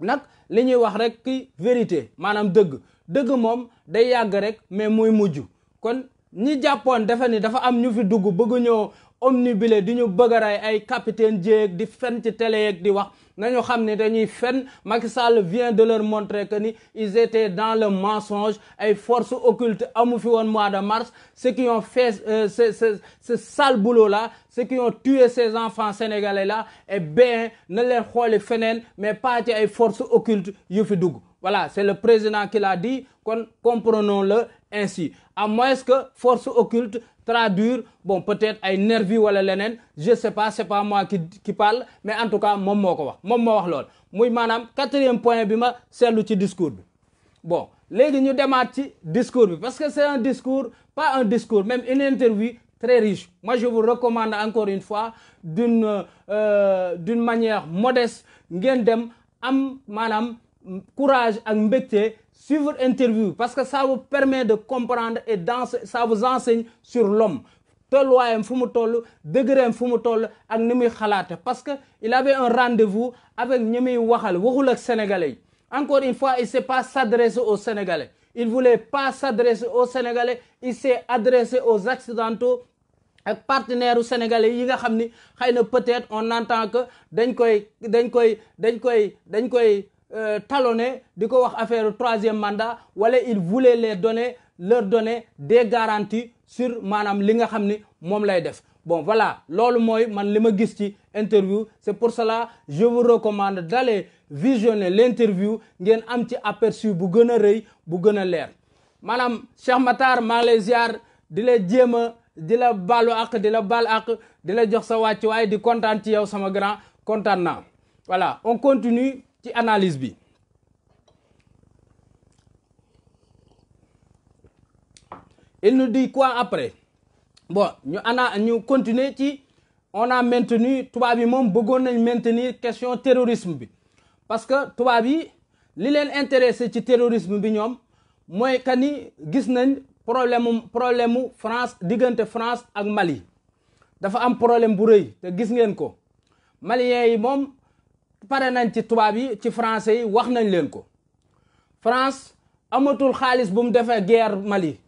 Speaker 1: nag li ñuy wax rek ki vérité maanaam dëgg dëgg moom day yàgg rek mais mooy mujj kon ñi jàppoon dafa ni dafa am ñu fi dugg bëgg ñoo omnibulé di ñu bëgg a rey ay capitaine jéeg di fen ci télé yeeg di wax na nañu xam ne dañuy fen Macky salle vient de leur montrer que ni ils étaient dans le mensonge ay force occultes amu fi woon mois de mars ceux qui ont fait euh, ce ce ce sale boulot là ceux qui enfants sénégalais là et eh bien na leen xooli feneen mais pas ci ay forces occultes yu fi dugg voilà c'est le président qui l'a dit kon comprenons-le ainsi à moins que force occulte traduire bon peut-être ay nervi wala leneen je sais pas c'est pas moi qui qui parle mais en tout cas moom moo ko wax moom moo wax lool muy maanaam quatrième point bi ma seetlu ci discours bi bon léegi ñu demaat ci discours bi parce que c'est un discours pas un discours même une interview très riche moi je vous recommande encore une fois d'une euh, d'une manière modeste ngeen dem am maanaam courage ak mbégte suivre interview parce que ça vous permet de comprendre et dans ça vous enseigne sur l'homme tolluwaayam fu mu toll degrém fu mu toll ak ni muy xalaate parce que il avait un rendez-vous avec ñi muy waxal waxul ak sénégalais encore une fois il s'est pas s'adresser au sénégalais il voulait pas s'adresser aux sénégalais il s'est adressé aux occidentaux ak partenaire sénégalais yi nga xam ni xëy na peut-être on entend que dañ koy dañ koy dañ koy dañ koy Euh, talonné di ko wax affaire troisième mandat wala il voulait les donne leur donner des garanties sur maanaam li nga xam ni moom lay def bon voilà loolu mooy man li ma gis ci interview c'est pour cela je vous recommande d'aller visionner l'interview ngeen am ci aperçu bu gën a rëy bu gën a leer maanaam Cheikh Matar maa ngi lay ziar di la jéem a di la baalu ak di la baal ak di la jox sa wàcc waaye di kontaan ci yow sama grand kontaan naa on continue ci analyse bi il nous dit quoi après bon ñu ana ñu continuer ci on a maintenu tubaab yi moom bëggoon nañ maintenir question terrorisme bi parce que tubaab yi li leen intéressé ci terrorisme bi ñoom mooy que ni gis nañ problème problème mu France diggante France ak Mali dafa am problème bu rëy te gis ngeen ko maliens yi moom pare nañ ci tubaab yi ci français yi wax nañ leen ko France amatul xaalis bu mu defee guerre Mali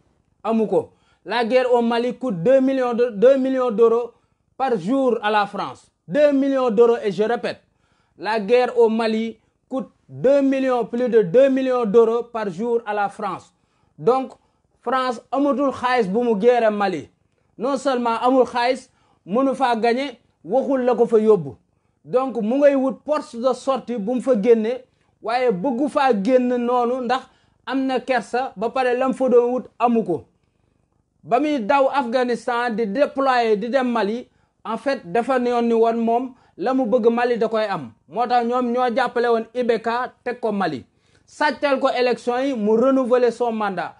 Speaker 1: amu ko la guerre au Mali coûte deux millions de deux millions d'euros par jour à la France deux millions d'euros et je répète la guerre au Mali coûte deux millions plus de deux millions d'euros par jour à la France donc France amatul xaalis bu mu guerre Mali non seulement amul xaalis mënu faa gañe waxul la ko fa yóbbu donc mu ngay wut porte de sortie bu mu fa génnee waaye bëggu faa génn noonu ndax am na kersa ba pare lam fa doon wut amu ko ba muy daw Afghanistan di déployer di dem Mali en fait dafa yoon ni woon moom la mu bëgg Mali da koy am moo tax ñoom ñoo jàppale woon IBK teg ko Mali sàccal ko élection yi mu renouveler son mandat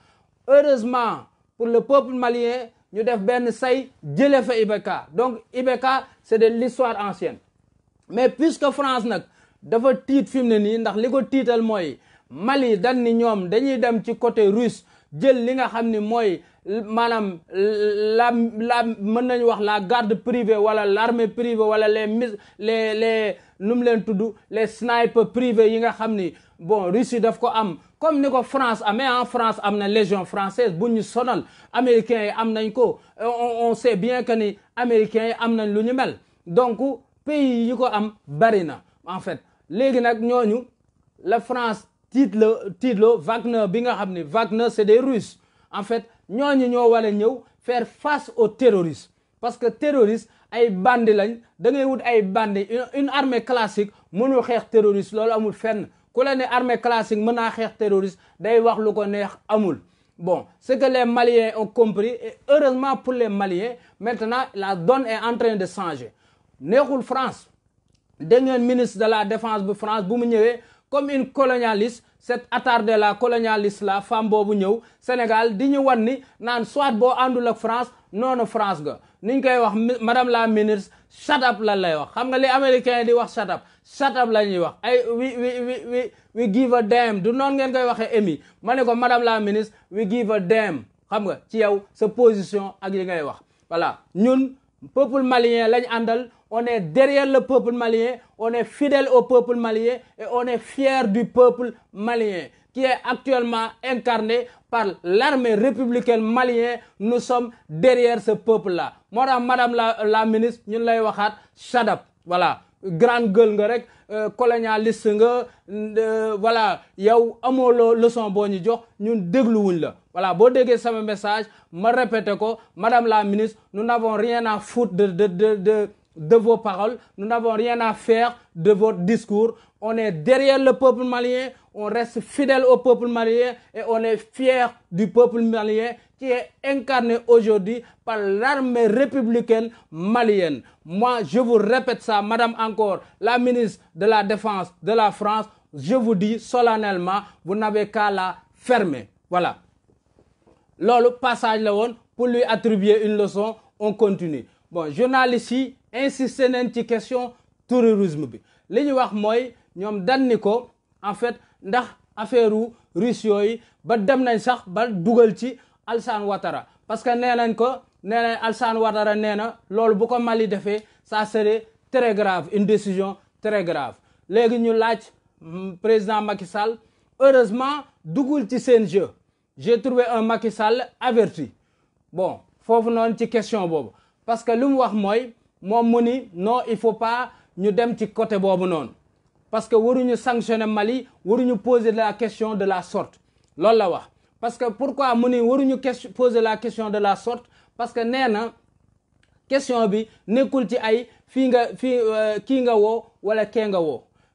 Speaker 1: heureusement pour le peuple malien ñu def benn say jële fa IBK donc IBK c'est de l'histoire ancienne mais puisque France nag dafa tiit fi mu ne nii ndax li ko tiital mooy Mali dan ni ñoom dañuy dem ci côté russe jël li nga xam ni mooy maanaam la la mën nañu wax la garde privée wala l'armée privée wala les mis les les nu mu leen tudd les snipers privés yi nga xam ni bon Russie daf ko am comme ni ko France amee en ah, France am na légion française bu ñu sonal américains yi am nañ ko euh, on sait bien que ni américains yi am nañ lu ñu mel pays yi ko am bari na en fait léegi nag ñooñu la France tiitloo tiitloo Wagner bi nga xam ne Wagner c'est des Russes en fait ñooñu ñoo war ñëw faire face aux terroristes parce que terroristes ay bandi lañ da ngay wut ay bandi une armée classique mënul xeex terroriste loolu amul fenn ku la ne armée classique mën naa xeex terroriste day wax lu ko neex amul bon ce que les Maliens ont compris et heureusement pour les Maliens maintenant la donne est en train de changer neexul France dégg ngeen ministre de la defence bu France bu mu ñëwee comme une colonialiste cette attardée la colonialiste la femme boobu ñëw Sénégal di ñu wan ni naan soit boo àndul ak France noonu France nga ni ñu koy wax madame la ministre shut up lan lay wax xam nga li américain di wax shut up shut up la ñuy wax ay we we we we give a damn du noonu ngeen koy waxee émi ma ne ko madame la ministre we give a damn xam nga ci yow sa position ak li ngay wax on est derrière le peuple malien, on est fidèle au peuple malien et on est fier du peuple malien qui est actuellement incarné par l'armée républicaine malien Nous sommes derrière ce peuple-là. moo tax madame la la ministre ñun lay waxaat shadap voilà grande gueule nga rek euh, colonialiste nga euh, voilà yow amoo le leçon boo ñu jox ñun dégluwuñ la wala boo déggee sama message ma répété ko madame la ministre nous n'avons rien à de de de de de vos paroles, nous n'avons rien à faire de votre discours. On est derrière le peuple malien, on reste fidèle au peuple malien et on est fier du peuple malien qui est incarné aujourd'hui par l'armée républicaine malienne. Moi, je vous répète ça, madame encore, la ministre de la Défense de la France, je vous dis solennellement, vous n'avez qu'à la fermer. Voilà. Loolu passage la woon pour lui attribuer une leçon, on continue. bon journaliste yi insisté nañ ci question terrorisme bi li ñu wax mooy ñoom danni ko en fait ndax affaire u russe yooyu ba dem nañ sax ba dugal ci Alassane Ouattara parce que nee nañ ko nee nañ Alassane Ouattara nee na loolu bu ko Mali defee ça serait très une décision très léegi ñu laaj mm, président Macky Sall heureusement dugul ci seen jeu j'ai trouvé un Macky Sall averti bon foofu noonu ci question boobu parce que lu mu wax mooy moom mu ni non il faut pas ñu dem ci côté boobu noonu parce que waruñu sanctionner Mali waruñu poser la question de la sorte loolu la wax parce que pourquoi mu ni waruñu question poser la question de la sorte parce que nee na question bi nekkul ci ay fii nga fii euh, kii nga woo wala kee nga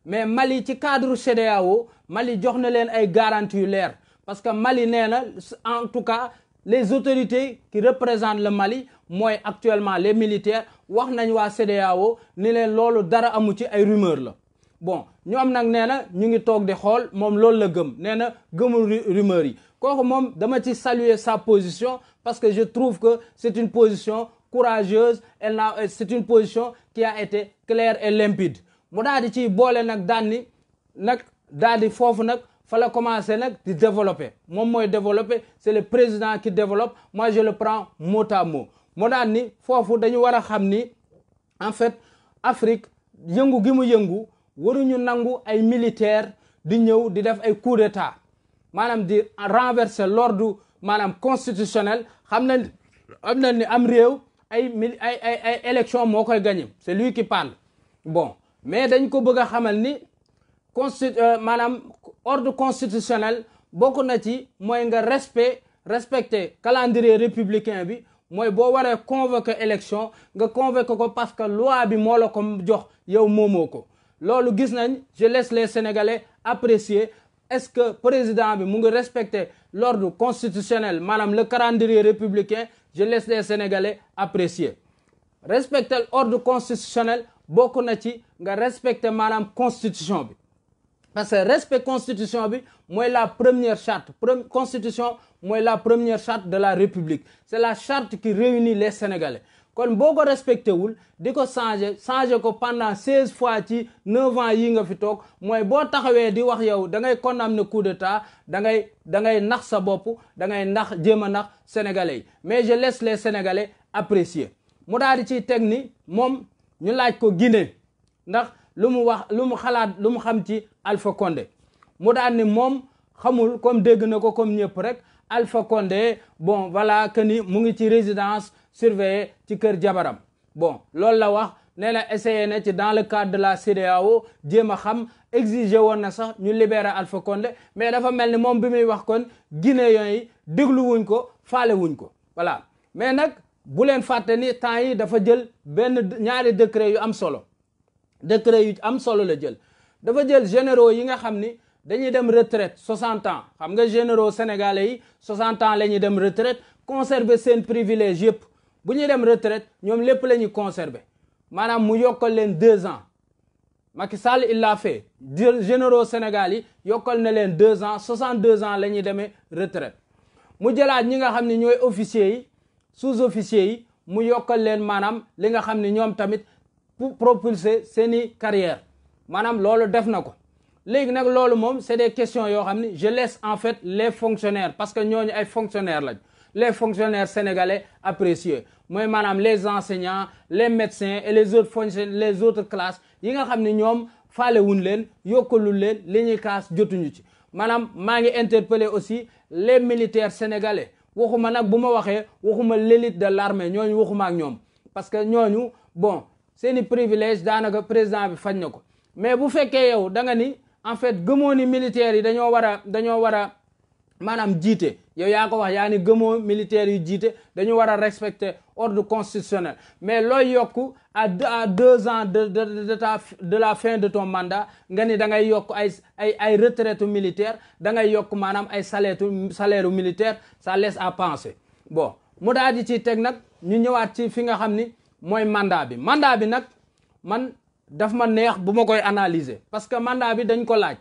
Speaker 1: mais Mali ci cadre CEDEAO Mali jox na leen ay garantie yu leer parce que Mali nee na en tout cas les autorités qui représentent le Mali mooy actuellement les militaire wax nañu waa CEDEAO ni leen loolu dara amu ci ay rumeur la bon ñoom nag nee na ñu ngi toog di xool moom loolu la gëm nee na gëmul rumeur yi kooku moom dama ci saluer sa position parce que je trouve que c'est une position courageuse et a c'est une position ki a été claire et limpide mu daal di ciy boole nag daan nag daal di foofu nag fa la commencé nag di développer moom mooy développer c'est le président ki développe moi je le prends mot mu daan ni foofu dañu war a xam ni en fait Afrique yëngu gi mu yëngu waruñu nangu ay militaire di ñëw di def ay coup d'état maanaam di renverser l'ordre maanaam constitutionnel xam na xam na ni am réew ay ay ay ay élection moo koy gagné c'est lui qui parle bon mais dañ ko bëgg a xamal ni constitu euh, maanaam ordre constitutionnel bokk na ci mooy nga respect respecter calendrier républicain bi mooy boo waree convoquer élection nga convoquer ko parce que loi bi moo la ko jox yow moomoo ko loolu gis nañ je laisse les sénégalais apprécier est-ce que président bi mu ngi respecter l'ordre constitutionnel maanaam le calendrier républicain je laisse les sénégalais apprécier respecter l'ordre constitutionnel bokk na ci nga respecter maanaam constitution bi parce que respect constitution bi mooy la première charte constitution mooy la première charte de la république c'est la charte qui réunit les sénégalais kon boo ko respecté wul di ko changé changé ko pendant seize fois ci neuf ans yi nga fi toog mooy boo taxawee di wax yow da ngay condamné coup d'état da ngay da ngay nax sa bopp da ngay nax jéem a nax sénégalais yi mais je laisse les sénégalais apprécier mu daal di ciy teg moom ñu laaj ko Guinée ndax lu mu wax lu mu xalaat lu mu xam ci Alpha Condé mu daan ni moom xamul comme dégg na ko comme ñëpp rek Alpha Condé bon voilà que ni mu ngi ci résidence surveillée ci kër jabaram bon loolu la wax nee na essayé na ci dans le cadre de la CEDEAO jéem a xam exiger woon na sax ñu libérer Alpha Condé mais dafa mel ni moom bi muy wax kon guinéens yi déglu wuñ ko faale wuñ ko voilà mais nag bu leen fàtte ni temps yi dafa jël benn ñaari décret yu am solo décret yu am solo la jël dafa jël généraux yi nga xam ni dañuy dem retraite 60 ans xam nga généro sénégalais yi 60 ans la ñuy dem retraite conserver seen privilège yëpp bu ñuy dem retraite ñoom lépp la ñuy conserver maanaam mu yokkal leen deux ans maki sal illa l'a fait généraux Sénégal yi yokkal na leen deux ans deux ans la ñuy demee retraite mu jëlaat ñi nga xam ne ñooy officiers yi sous-officiers yi mu yokkal leen maanaam li nga xam ne ñoom tamit propulser seeni carrière maanaam loolu def na ko léegi nag loolu moom c'est des question yoo xam ni je laisse en fait les fonctionnaires parce que ñooñu ay fonctionnaires lañ les fonctionnaires sénégalais appréciés mooy maanaam les enseignants les médecins et les autres fonction les autres classes yi nga xam ne ñoom faalewuñ leen yokkalul leen li ñuy kaas jotuñu ci maanaam maa ngi interpellé aussi les militaires sénégalais waxuma nag bu ma waxee waxuma l'élite de l'armée ñooñu waxuma ak ñoom parce que ñooñu seeni privilège daanaka président bi faj na ko mais bu fekkee yow da nga ni en fait gëmoo ni militaires yi dañoo war a dañoo war a maanaam jiite yow yaa ko wax yaa gëmoo militaires yu jiite dañu war a respecter ordre constitutionnel mais looy yokk à à deux ans de de de la fin de ton mandat nga ni da ngay yokk ay ay ay retraite militaire da ngay yokk maanaam ay salaire salaire militaire ça laisse à penser bon mu daal ci teg nag ñu ñëwaat ci fi nga xam ni mooy mandat bi mandat bi nag man daf ma neex bu ma koy analyser parce que mandat bi dañ ko laaj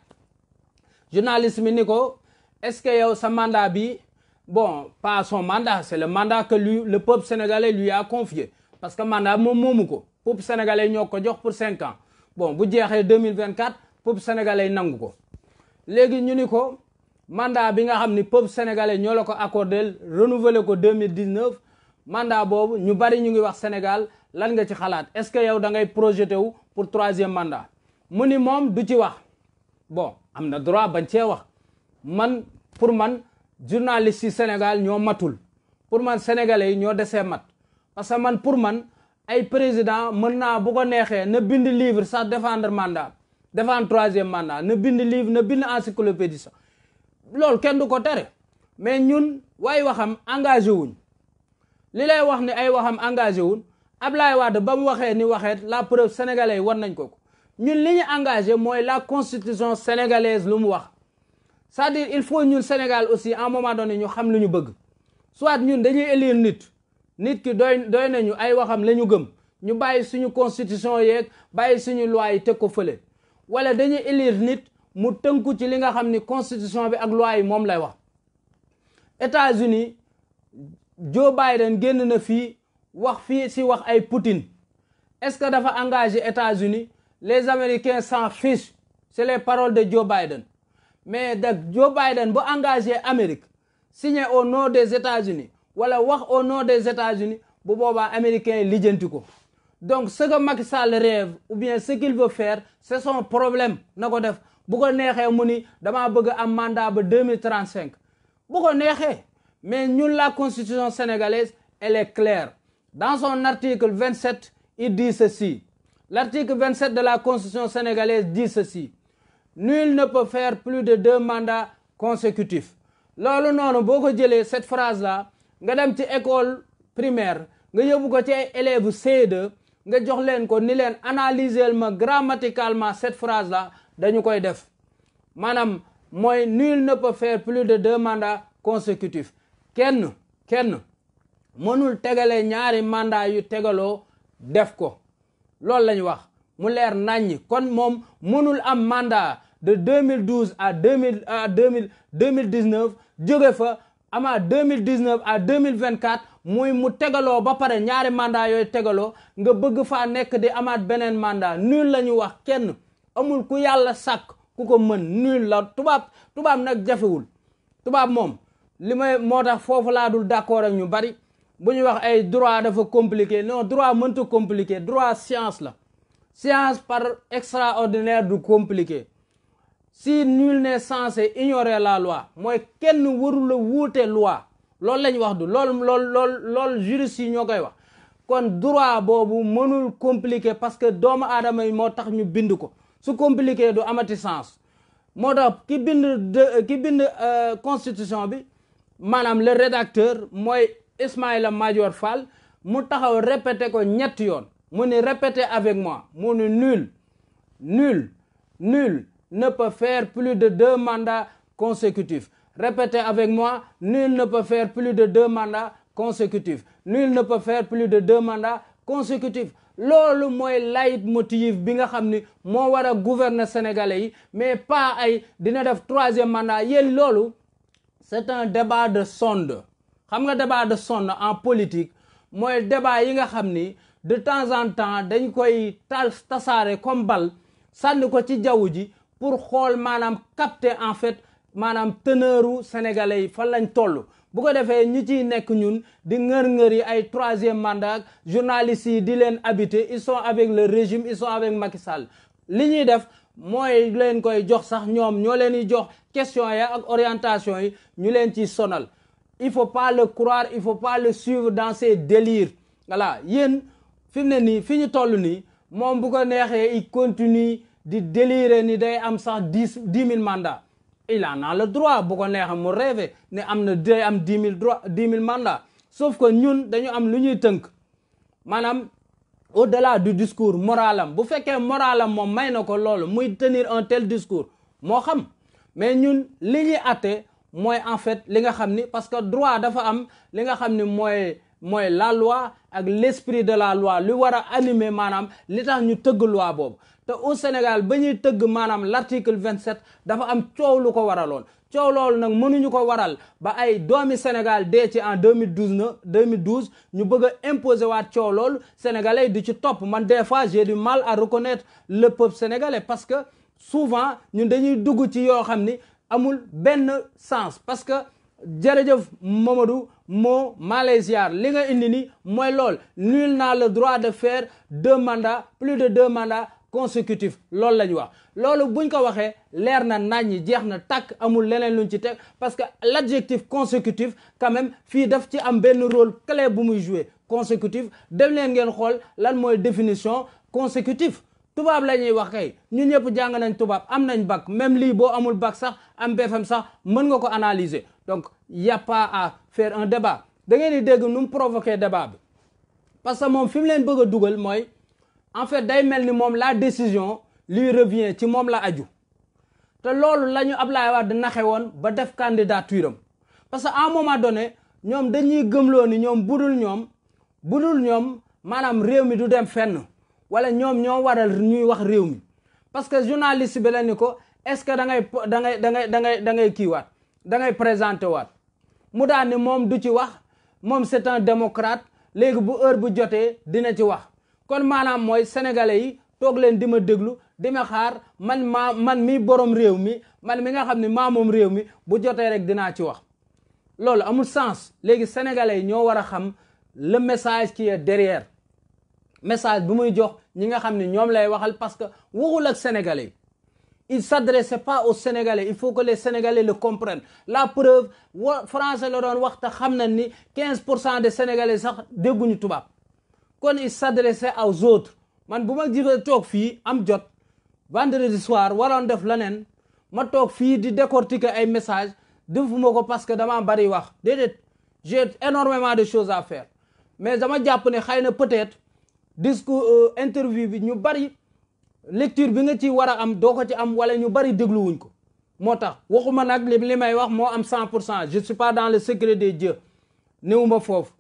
Speaker 1: journaliste mi ni ko est-ce que yow sa mandat bi bon pas son mandat c'est le mandat que lui le peuple sénégalais a confié parce que mandat moom moomu ko peuple sénégalais ñoo ko jox pour cinq ans bon bu jeexee 2024 peuple sénégalais nangu ko léegi ñu ni ko mandat bi nga xam ni peuple sénégalais ñoo la ko accordé renouvelé ko 2019 mandat boobu ñu bari ñu ngi wax Sénégal lan nga ci xalaat est-ce que yow dangay ngay projeté pour troisième mandat mu ni moom du ci wax bon am na droit bañ cee wax man pour man journaliste yi Sénégal ñoo matul pour man sénégalais yi ñoo desee mat parce que man pour man ay président mën naa bu ko neexee na bind livre sax défendre mandat défendre troisième mandat na bind livre na bind encyclopédie sax loolu kenn du ko tere mais ñun waaye waxam engagé wuñ li lay wax ni ay waxam engagé wul Ablaye Wade ba mu waxee ni waxeet la preuve sénégalaise war nañ ko ko ñun li ñu engagé mooy la constitution sénégalaise lu mu wax sa à dire il faut ñun Sénégal aussi en un moment donné ñu xam lu ñu bëgg soit ñun dañuy élire nit nit ki doy doy nañu ay waxam la ñu gëm ñu bàyyi suñu constitution yeeg bàyyi suñu loi yi teg ko fële wala dañuy élire nit mu tënku ci li nga xam ni constitution bi ak loi yi moom lay wax Joe Biden génn na fii wax fii si wax ay Poutine est-ce que dafa engagé États-Unis les Américains s'en fichent c'est les paroles de Joe Biden mais da Joe Biden bu engagé Amérique signé au nom des États-Unis wala wax au nom des États-Unis bu boobaa Américains yi lijjanti ko donc ce que Macky Sall rêve ou bien ce faire c'est son problème na ko def bu ko neexee mu ni damaa bëgg am mandat ba deux mille cinq bu ko neexee. Mais nous, la Constitution sénégalaise, elle est claire. Dans son article 27, il dit ceci. L'article 27 de la Constitution sénégalaise dit ceci. Nul ne peut faire plus de deux mandats consécutifs. loolu noonu boo ko jëlee cette phrase là nga dem ci école primaire nga yóbbu ko ci ay élèves ce nga jox leen ko ni leen analyser ma grammaticalement cette phrase là dañu koy def maanaam mooy nul ne peut faire plus de deux mandats consécutifs kenn kenn mënul tegale ñaari mandat yu tegaloo def ko loolu lañu wax mu leer naññi kon moom mënul am mandat de 2012 à 2000 à 2000 2019 jóge fa ama 2019 à 2024 muy mu tegaloo ba pare ñaari mandat yooyu tegaloo nga bëgg faa nekk di amaat beneen mandat nul la ñu wax kenn amul ku yàlla sàkk ku ko mën nul la tubaab nag jafewul tubaab moom li may moo tax foofu laa dul d'accord ak ñu bari bu ñuy wax ay droit dafa compliqué non droit mënta compliqué droit science la science par extraordinaire du compliqué si nul n'est censé ignorer la loi mooy kenn warula wuute loi loolu lañ wax du loolu lool lool lool ñoo koy wax kon droit boobu mënul compliqué parce que doomu aadama yi moo tax ñu bind ko su compliqué du amati sens moo tax ki bind ki bind euh, constitution bi maanaam le rédacteur mooy Ismaïla Madior Fall mu taxaw répété ko ñetti yoon mu ni répété avec moi mu ni nul nul nul fair peut plus de deux mandats consécutifs répétez avec moi nul ne peut faire plus de deux mandats consécutifs nul ne peut faire plus de deux mandats consécutifs loolu mooy leitmotiv bi nga xam ni moo war a gouverner sénégalais yi mais pas ay dina def troisième mandat yéen loolu c'est un débat de sonde xam nga débat de sonde en politique mooy débat yi nga xam ni de temps en temps dañ koy tal tasaare comme bal sànni ko ci jaww ji pour xool maanaam capter en fait maanaam teneuru sénégalais yi fan lañ toll bu ko defee ñi ciy nekk ñun di ngër-ngër yi ay troisième mandat journalistes yi di leen habiter ils sont avec le régime ils sont avec Macky li ñuy def mooy leen koy jox sax ñoom ñoo leen di jox question ya ak orientation yi ñu leen ci sonal il faut pas le croire il faut pas le suivre dans ses délires voilà yéen fi mu ne nii fi ñu toll nii moom bu ko neexee il continue di délirer ni day am sax dix dix mille mandats il en a droit bu ko neexee mu rêver ne am na day am dix mille droit dix mille mandats sauf ko ñun dañu am lu ñuy tënk maanaam au delà du discours moralam bu fekkee moralam moom may na ko loolu muy tenir un tel discours moo xam mais ñun li ñuy atte mooy en fait li nga xam ni parce que droit dafa am li nga xam ni mooy mooy la loi ak l'esprit de la loi li war a animer maanaam li tax ñu tëgg loi boobu te au Sénégal ba ñuy tëgg maanaam l'article 27 dafa am coow lu ko waraloon coow loolu nag mënuñu ko waral ba ay doomi Sénégal dee ci en 2012 na 2012 ñu bëgg a waat coow loolu sénégalais di ci topp man des fois j'ai mal à reconnaître le peuple sénégalais parce que souvent ñun dañuy dugg ci yoo xam ni amul benn sens parce que jërëjëf Mamadou moo Malaysia li nga indi ni mooy lool nul naa le droit de faire deux mandats plus de deux mandats consécutifs loolu la ñu wax loolu buñ ko waxee leer na nañ ñi jeex na tàkk amul leneen luñ ci teg parce que l'adjectif consécutif quand fii def ci am benn rôle clé bu muy jouer consécutif dem leen ngeen xool lan mooy définition consécutif tubaab la ñuy wax kay ñu ñëpp jàng nañ tubaab am nañ bac même lii boo amul bac sax am BFM sax mën nga ko analyser donc y a pas à faire un débat da ngeen di dégg nu mu provoquer débat bi parce que moom fi leen bëgg a dugal mooy en fait day mel ni moom la décision lui revient ci moom la aju te loolu la ñu Ablaye Wade naxe woon ba def candidature am parce que à un moment donné ñoom dañuy gëmloo ni ñoom budul ñoom budul ñoom maanaam réew mi du dem fenn wala ñoom ñoo waral ñuy wax réew mi parce que journaliste bi la ni ko est-ce que dangay ngay dangay ngay da ngay da ngay kiiwaat da ngay présenté waat mu daan ni moom du ci wax moom c'est un démocrate léegi bu heure bu jotee dina ci wax kon maanaam mooy sénégalais yi toog leen di ma déglu di ma xaar man maa man mi borom réew mi man mi nga xam ne maa moom réew mi bu jotee rek dinaa ci wax loolu amul sens léegi sénégalais yi ñoo war a xam le message qui est derrière message bu muy jox ñi nga xam ne ñoom lay waxal parce que waxul ak sénégalais il s'adressait pas au sénégalais il faut que les sénégalais le comprennent la preuve wa français la doon waxta xam na ni 15 pour cent des sénégalais sax dégguñu tubaab kon il s'adressait aux autres man bu ma jibee toog fii am jot vendredi soir waroon def leneen ma toog fii di décortiquer ay message defuma ko parce que dama bari wax déedéet j'ai énormément de chose à faire mais dama jàpp ne xëy na peut-être discours euh, interview bi ñu bari lecture bi nga ci war a am doo ko ci am wala ñu bari dégluwuñ ko moo tax waxuma nag li may wax moo am cent pour cent je suis pas dans le secret des dieux néewuma foofu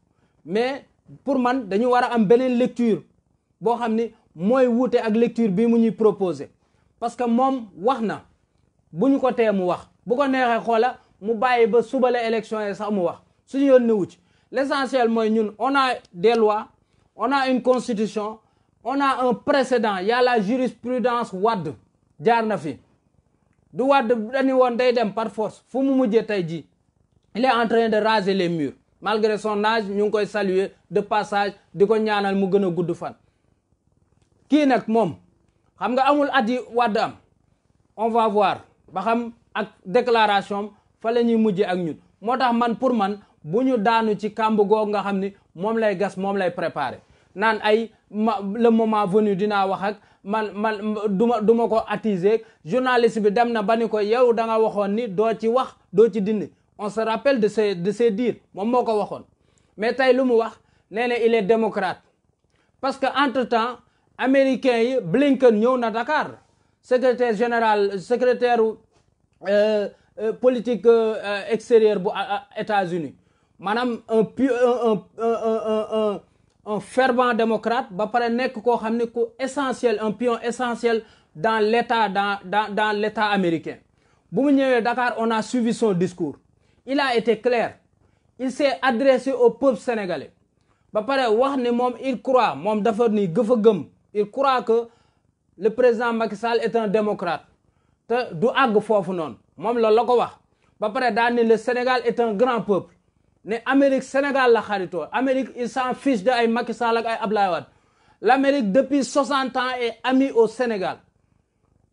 Speaker 1: mais pour man dañu war a am beneen lecture boo xam ni mooy wuute ak lecture bi mu ñuy proposé parce que moom wax na bu ñu ko tee mu wax bu ko neexee xoola mu bàyyi ba suba la élection yi sax mu wax suñu yoon newu ci l' mooy ñun on a des lois on a une constitution on a un précédent y a la jurisprudence Wade jaar na fi du wadd dañu woon day dem par force fu mu mujjee tey ji il est en train de raser les murs malgré son âge ñu ngi koy saluer de passage di ko ñaanal mu gën a gudd fan kii nag moom xam nga amul at yi Wade am on va voir ba xam ak déclaration fa la ñuy mujjee ak ñun moo tax man pour man bu ñu daanu ci kàmb googu nga xam ni moom lay gas moom lay préparer naan ay ma le moment venu dinaa wax ak man man du ma du ma ko attiser journaliste bi dem na ba ni ko yow da nga waxoon ni doo ci wax doo ci dindi on se rappelle de ses de ses dires moom moo ko waxoon mais tey lu mu wax nee na il est démocrate parce que entre temps américain yi Blinken ñëw na Dakar secrétaire général secrétaire euh, euh, politique euh, extérieure bu États-Unis maanaam un pu un un un fervent démocrate ba pare nekk koo xam ne ku essentiel un pion essentiel dans l' état dans dans dans l' américain bu mu ñëwee Dakar on a suivi son discours il a été clair il s'est adressé au peuple sénégalais ba pare wax ne moom il croit moom dafa ni gëfa gëm il croit que le président Macky Sall est un démocrate te du àgg foofu noonu moom loolu la ko wax ba pare daa le Sénégal est un grand peuple ne Amérique Sénégal la xaritoo Amérique il s'en fiche de ay Macky Sall ak ay Ablaye Wade l'Amérique depuis 60 ans est amie au Sénégal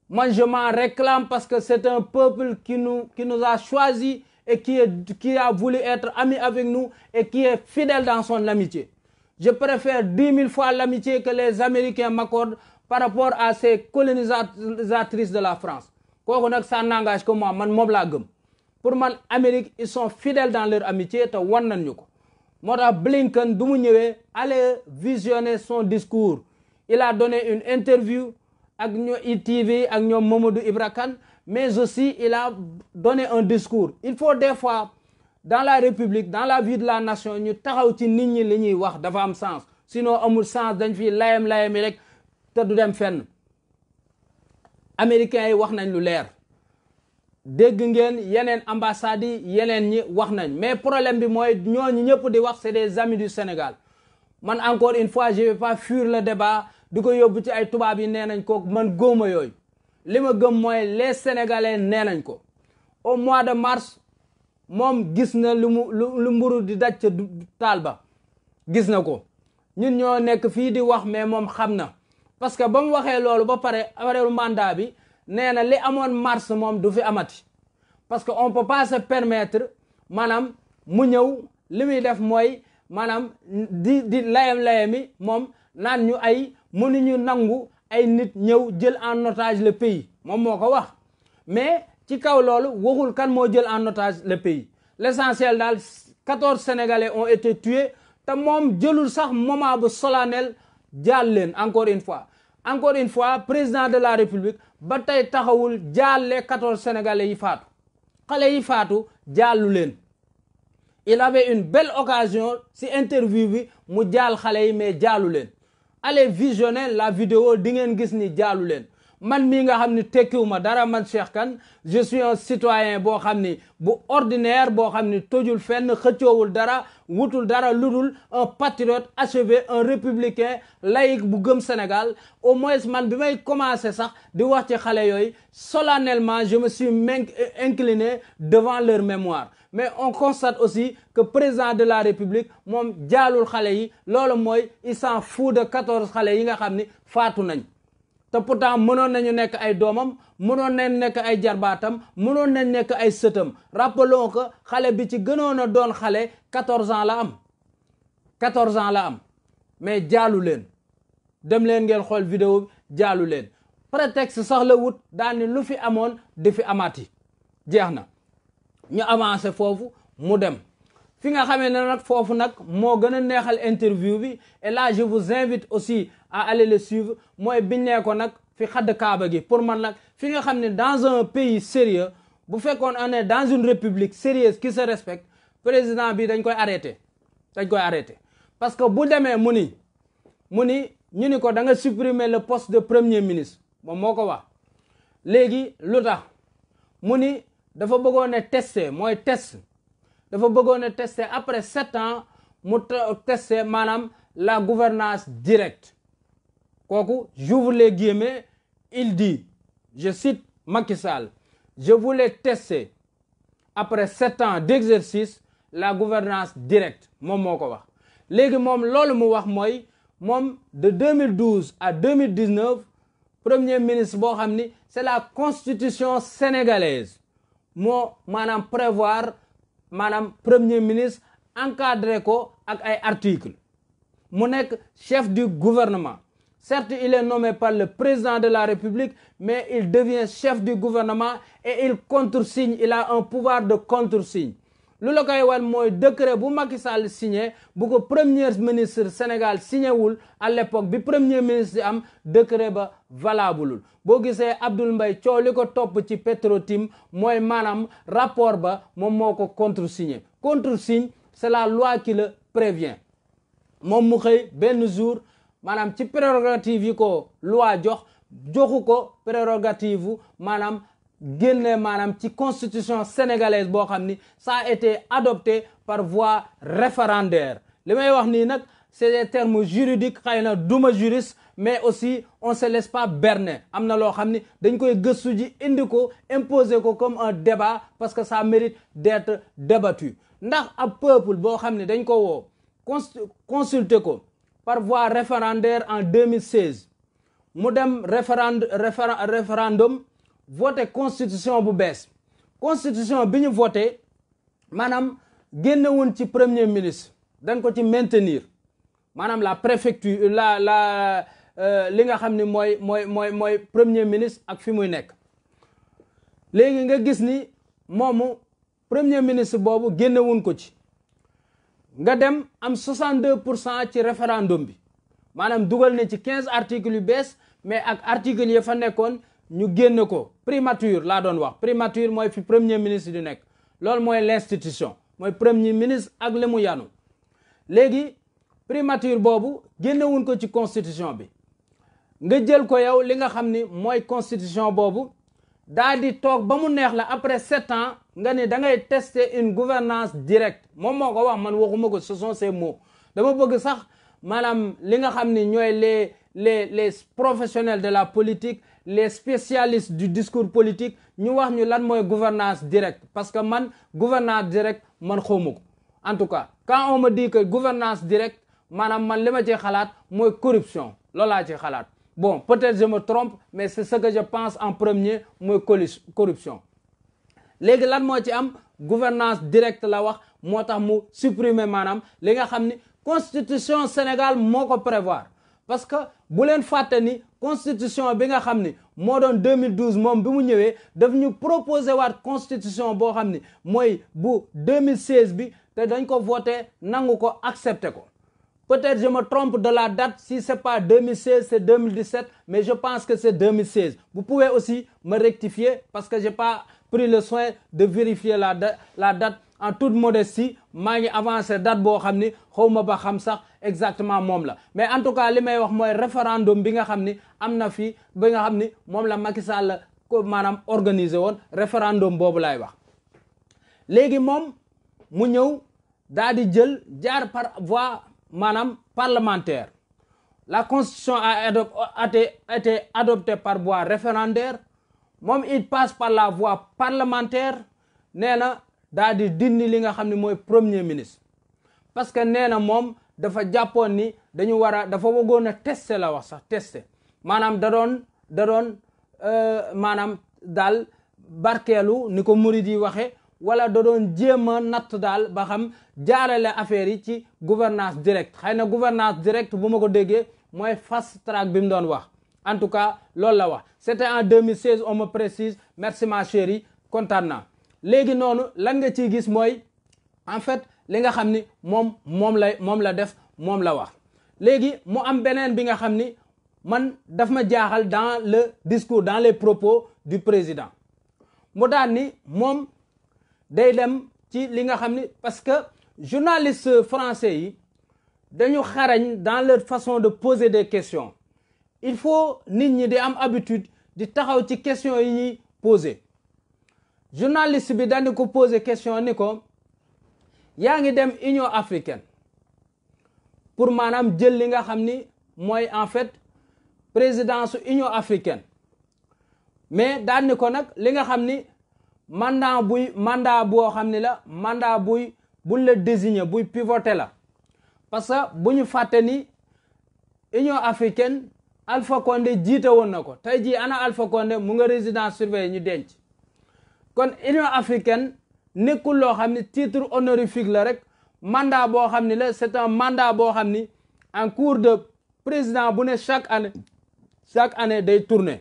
Speaker 1: moi je m'en réclame parce que c'est un peuple qui nous qui nous a choisi et qui est qui être ami avec nous et qui est fidèle dans son amitié je préfère dix mille fois l'amitié que les Américains m'accordent par rapport à ces colonisatrices de la France kooku nag ça n'engage man moom laa gëm pour man Amérique ils sont fidèles dans leur amitié te wan nañ ñu ko moo tax Blinken du mu ñëwee allez visionner son discours il a donné une interview ak ñoom ITV ak ñoom Mamadou Ibra Kane mais aussi il a donné un discours il faut des fois dans la république dans la vie de la nation ñu taxaw ci nit ñi la ñuy wax dafa am sens sinon amul sens dañ fi layam-layam yi rek te du dem fenn américains yi wax nañ lu leer dégg ngeen yeneen ambassades yeneen ñi wax nañ mais problème bi mooy ñooñu ñëpp di wax c'est des amis du Sénégal man encore une fois je vais pas fuir le débat di ko yóbbu ci ay tubaab yi nee nañ ko man góoma yooyu li ma gëm mooy les Sénégalais nee nañ ko au mois de mars moom gis na lu mu lu mburu di daj ca taal ba gis na ko ñun ñoo nekk fii di wax mais moom xam na parce que ba mu waxee loolu ba pare après mandat bi nee na li amoon mars moom du fi amati parce que on peut pas se permettre maanaam mu ñëw li muy def mooy maanaam di di layam-layami moom naan ñu ay mënuñu nangu ay nit ñëw jël en otage le pays moom moo ko wax mais ci kaw loolu waxul kan moo jël en otage le pays l'essentiel daal quatorze sénégalais on été tués te moom jëlul sax moment bu solennel jaal leen encore une fois encore une fois président de la république ba tey taxawul jaal les quatorze sénégalais yi faatu xale yi faatu jaalu leen il avait une belle occasion si interview bi mu jaal xale yi mais jaalu leen allez visionner la video di ngeen gis ni jaalu leen man mii nga xam ni tekkiwuma dara man Cheikh kan je suis un citoyen boo xam ni bu ordinaire boo xam ni tojul fenn xëccoowul dara wutul dara lu ludul un patriote achevé un républicain laïque bu gëm Sénégal au moins man bi may commencé sax di wax ci xale yooyu solennellement je me suis incliné devant leur mémoire mais on constate aussi que président de la république moom jaalul xale yi loolu mooy il fou de quatorze xale yi nga xam ni faatu nañ te pourtant mënoon nañu nekk ay doomam mënoon nañ nekk ay jarbaatam mënoon nañ nekk ay sëtam rappelons que xale bi ci gënoon a doon xale 14 ans la am 14 ans la am mais jaalu leen dem leen ngeen xool vidéo jaalu leen prétexte sax la wut daal ni lu fi amoon di fi amaati jeex na ñu avancé foofu mu dem fi nga xamee na nag foofu nag moo gën a neexal interview bi et là je vous invite aussi à aller le suivre mooy biñ nee ko nag fi xadd kaaba gi pour man nag fi nga xam ne dans un pays sérieux bu fekkoon on est dans une république sérieuse qui se respecte président bi dañ koy arrêté dañ koy arrêté parce que bu demee mu ni mu ni ñu ni ko da nga supprimer le poste de premier ministre moom moo ko wax léegi lu tax mu ni dafa bëggoon e testé mooy test dafa bëggoon a tester après sept ans mu tester maanaam la gouvernance directe kooku j'ouvre les guillemets il dit je cite Macky Sall je voulais tester après sept ans d'exercice la gouvernance direct moom moo ko wax léegi moom loolu mu wax mooy moom de 2012 à 2019 premier ministre boo xam ni c'est la constitution sénégalaise moo maanaam prévoir maanaam premier ministre encadré ko ak ay article mu nekk chef du gouvernement certes il est nommé par le président de la république mais il devient chef du gouvernement et il contresigne il a un pouvoir de contre contresigne lu la koy wan mooy décret bu Macky Sall signé bu ko premier ministre Sénégal signé wul à l'époque bi premier ministre di am décret ba valabulul boo gisee abdul Mbaye coow li ko topp ci Petrotim mooy maanaam rapport ba moom moo ko contre contresigné contresigne c'est la loi qui le prévient moom mu xëy benn jour maanaam ci prérogative yi ko loi jox joxu ko prérogative maanaam génne maanaam ci constitution sénégalaise boo xam ni ça a été adopté par voie référendaire li may wax nii nag c'est des termes juridiques xëy na duma juriste mais aussi on se laisse pas berner am na loo xam ni dañ koy gëstu ji indi ko imposer ko comme un débat parce que ça mérite d'être débattu ndax ab peuple boo xam ne dañ ko woo consulter ko par voie référendaire en 2016 mu dem référendum voté constitution bu bees constitution bi ñu voté maanaam génnewuñ ci premier ministre dañ ko ci maintenir maanaam la préfecture la la euh, li nga xam ni mooy mooy mooy mooy premier ministre ak fi muy nekk léegi nga gis ni moomu premier ministre boobu génnewuñ ko ci nga dem am deux pour cent ci référendum bi maanaam dugal na ci 15 articles yu bees mais ak articles yi fa nekkoon ñu génn ko primature laa doon wax primature mooy fi premier ministre di nekk loolu mooy l'institution mooy premier ministre ak li yanu léegi primature boobu génnewuñ ko ci constitution bi nga jël ko yow li nga xam ni mooy constitution boobu daa di toog ba mu neex la après sept ans nga ni da ngay tester une gouvernance direct moom moo ko wax man waxuma ko ce sont ces dama bëgg sax maanaam li nga xam ni ñooy les les les professionnels de la politique les spécialistes du discours politique ñu wax ñu lan mooy gouvernance directe parce que man gouvernance directe man xawma ko en tout cas quand on me gouvernance directe maanaam man li ma ci xalaat mooy corruption loolaa ci xalaat bon peut-être je me trompe mais c'est ce que je pense en premier mooy corruption léegi lan moo ci am gouvernance direct la wax moo tax mu supprimer maanaam li nga xam ni constitution Sénégal moo ko prévoir parce que bu leen fàtte ni constitution bi nga xam ni moo doon 2012 moom bi mu ñëwee def ñu proposé waat constitution boo xam ni mooy bu 2016 bi te dañ ko voté nangu ko accepté ko peut-être je me trompe de la date si c'est pas 2016 c'est mais je pense que c'est 2016 vous pouvez aussi me rectifier parce que j'ai pas pris le soin de vérifier la date la date en toute modestie maa ngi avancé date boo xam ni xawma ba xam sax exactement moom la mais en tout cas li may wax mooy référendum bi nga xam ni am na fi bi nga xam ni moom la Macky Sall la ko maanaam organisé woon référendum boobu laay wax léegi moom mu ñëw daal di jël jaar par voie maanaam parlementaire la constitution a été adoptée par voie référendaire moom il passe par la voie parlementaire nee na daal di dindi li nga xam ne mooy premier ministre parce que nee na moom dafa jàppoon ni dañu war a dafa bëggoon a tester la wax sax tester maanaam da doon da doon euh, maanaam daal barkeelu ni ko murid yi waxe wala da doon jéem a natt daal ba xam jaarale affaire yi ci gouvernance directe xay na gouvernance direct bu ma ko déggee mooy fast track bi doon wax en tout cas loolu la wax c'était en 2016 on me précise merci ma chérie kontaan naa léegi noonu lan nga ciy gis mooy en fait li nga xam ni moom moom la moom la def moom la wax léegi mu am beneen bi nga xam ni man daf ma jaaxal dans le discours dans les propos du président mu daan ni moom day dem ci li nga xam ni parce que journalistes français yi dañu xarañ dans le façon de poser des questions il faut nit ñi di am habitude di taxaw ci questions yi ñuy poser journaliste bi dañu ko posé question ni ko yaa ngi dem Union africaine pour maanaam jël li nga xam ni mooy en fait présidence Union africaine mais daan ko nag li nga xam ni mandat buy mandat boo xam ni la mandat buy bu la désigner buy pivoter la parce que bu ñu fàtte ni Union africaine Alpha Condé jiite woon na ko tey jii ana Alpha Condé mu nga résidence surveillée ñu denc kon union africaine nekkul loo xam ni titre honorifique la rek mandat boo xam ni la c'est un mandat boo xam ni en cours de président bu ne chaque année chaque année day tourner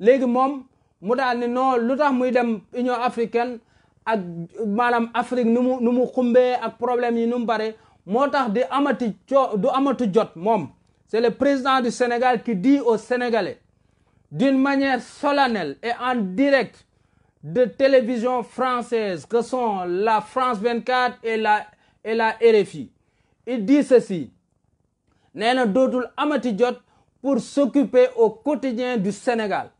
Speaker 1: léegi moom mu daal ni non lu tax muy dem union africaine ak maanaam Afrique nu mu nu mu xumbee ak problème yi nu mu bare moo tax de amati coo du jot moom c'est le président du Sénégal qui dit aux Sénégalais d'une manière solennelle et en direct de télévision française que son la France 24 et la et la RFI il di ceci nee na dootul amati jot pour s'occuper au quotidien du Sénégal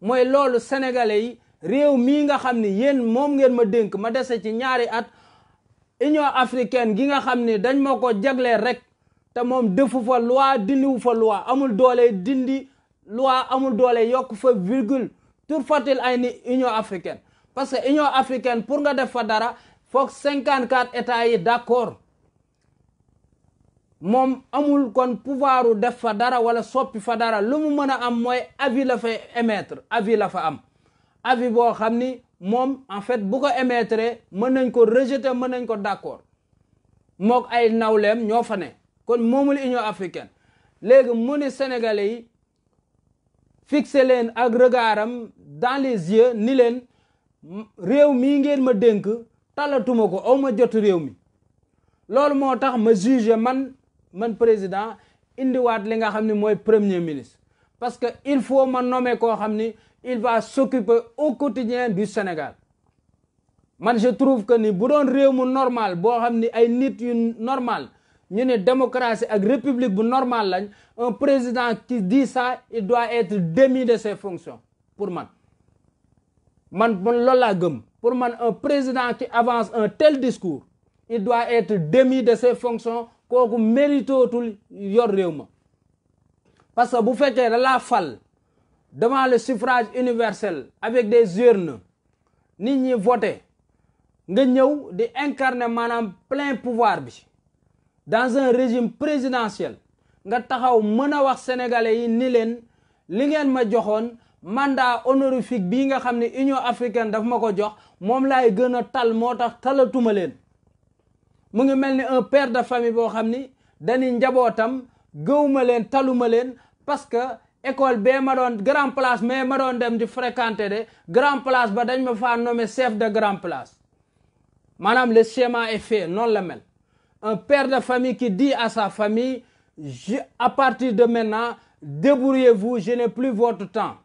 Speaker 1: mooy loolu sénégalais yi réew mii nga xam ni yéen moom ngeen ma dénk ma dese ci ñaari at Union africaine gi nga xam ni dañ ma ko jagleel rek te moom defu fa loi dindiwu fa loi amul doole dindi loi amul doole yokk fa virgule turfatil ay ni union africain parce que union africaine pour nga def fa dara foog 54 états yi d'accord moom amul kon pouvoiru def fa dara wala soppi fa dara lu mu mën a am mooy avis la fa émettre avis fa am avis boo xam ni moom en fait bu ko émettre mën nañ ko rejeter mën nañ ko d'accord mook ay nawleem ñoo fa ne kon moomul Union africaine léegi mu ni Sénégalais yi fixé leen ak regardam dans les yeux ni leen réew mii ngeen ma dénk talatuma ko aw ma jot réew mi loolu moo tax ma juge man man président indiwaat li nga xam ne mooy premier ministre parce que il faut ma nommer koo xam ni il va s'occuper au quotidien du Sénégal man je trouve que ni bu doon réew mu normal boo xam ni ay nit yu normal ñu ne démocratie ak république bu normal lañ un président qui dit ça il doit être démis de ses fonctions pour man man man loolu laa gëm pour man un président ki avance un tel discours il doit être démis de ses fonctions kooku méritootul yor réew ma parce que bu fekkee da laa fal devant le suffrage universel avec des urnes nit ñi voté nga ñëw di incarner maanaam plein pouvoir bi dans un régime présidentiel nga taxaw mën a wax sénégalais yi ni leen li ngeen ma joxoon mandat honorifique bii nga xam ne Union africaine daf ma ko jox moom laay gën a tal moo tax talatuma leen mu ngi mel ni un père de famille boo xam ni dañuy njabootam gëwuma leen taluma leen parce que école bee ma doon grand place mais ma doon dem di fréquenter de grand place ba dañ ma faa nommé chef de grand place maanaam le schéma est fait noonu la mel Un père de famille qui dit à sa famille, à partir de maintenant, débrouillez-vous, je n'ai plus votre temps.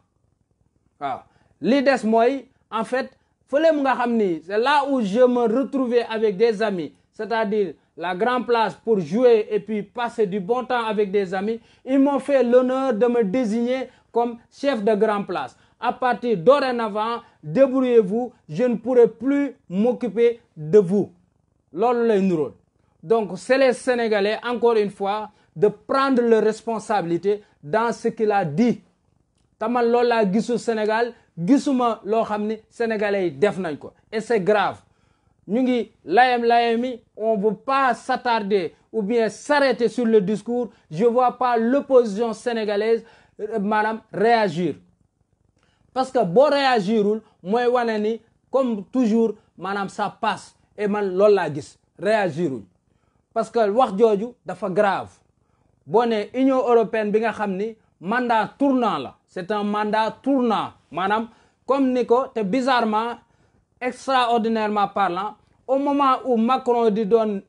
Speaker 1: waaw li des mooy en fait fële mu nga xam ni c'est là où je me retrouvais avec des amis c'est-à-dire la grande place pour jouer et puis passer du bon temps avec des amis ils m'ont fait l'honneur de me désigner comme chef de grande place à partir dorénavant débrouillez-vous je ne pourrai plus m'occuper de vous loolu lay nuroon Donc, c'est les Sénégalais, encore une fois, de prendre leurs responsabilités dans ce qu'il a dit. tamal loolu laa gisu Sénégal gisuma loo xam ni sénégalais yi def nañ ko et c'est grave ñu ngi layam-layami on veut pas s'attarder ou bien s'arrêter sur le discours je vois pas l'opposition sénégalaise euh, maanaam réagir parce que boo wul mooy wane ni comme toujours maanaam ça passe et man loolu laa gis réagirul parce que wax jooju dafa grave boo ne union européenne bi nga xam ni mandat tournant la c'est un mandat tournant maanaam comme ni ko te bizarrement extraordinairement parlant au moment où Macron di doon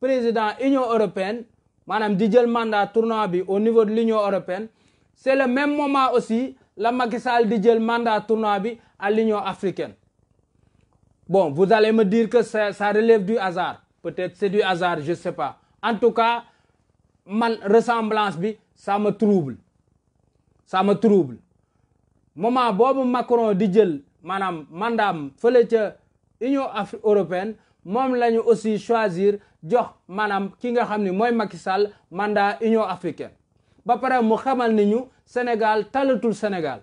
Speaker 1: président union européenne maanaam di jël mandat tournant bi au niveau de l'union européenne c'est le même moment aussi la Macky Sall di jël mandat tournant bi à l'union africaine bon vous allez me dire que ça, ça relève du hasard peut-être c'est du hasard je sais pas en tout cas man resemblance bi sama me trouble ça trouble moment boobu Macron di jël maanaam mandaam fële ca Union Afrique européenne moom la aussi choisir jox maanaam ki nga xam ni mooy Macky Sall mandat Union africaine ba pare mu xamal ni ñu Sénégal talatul Sénégal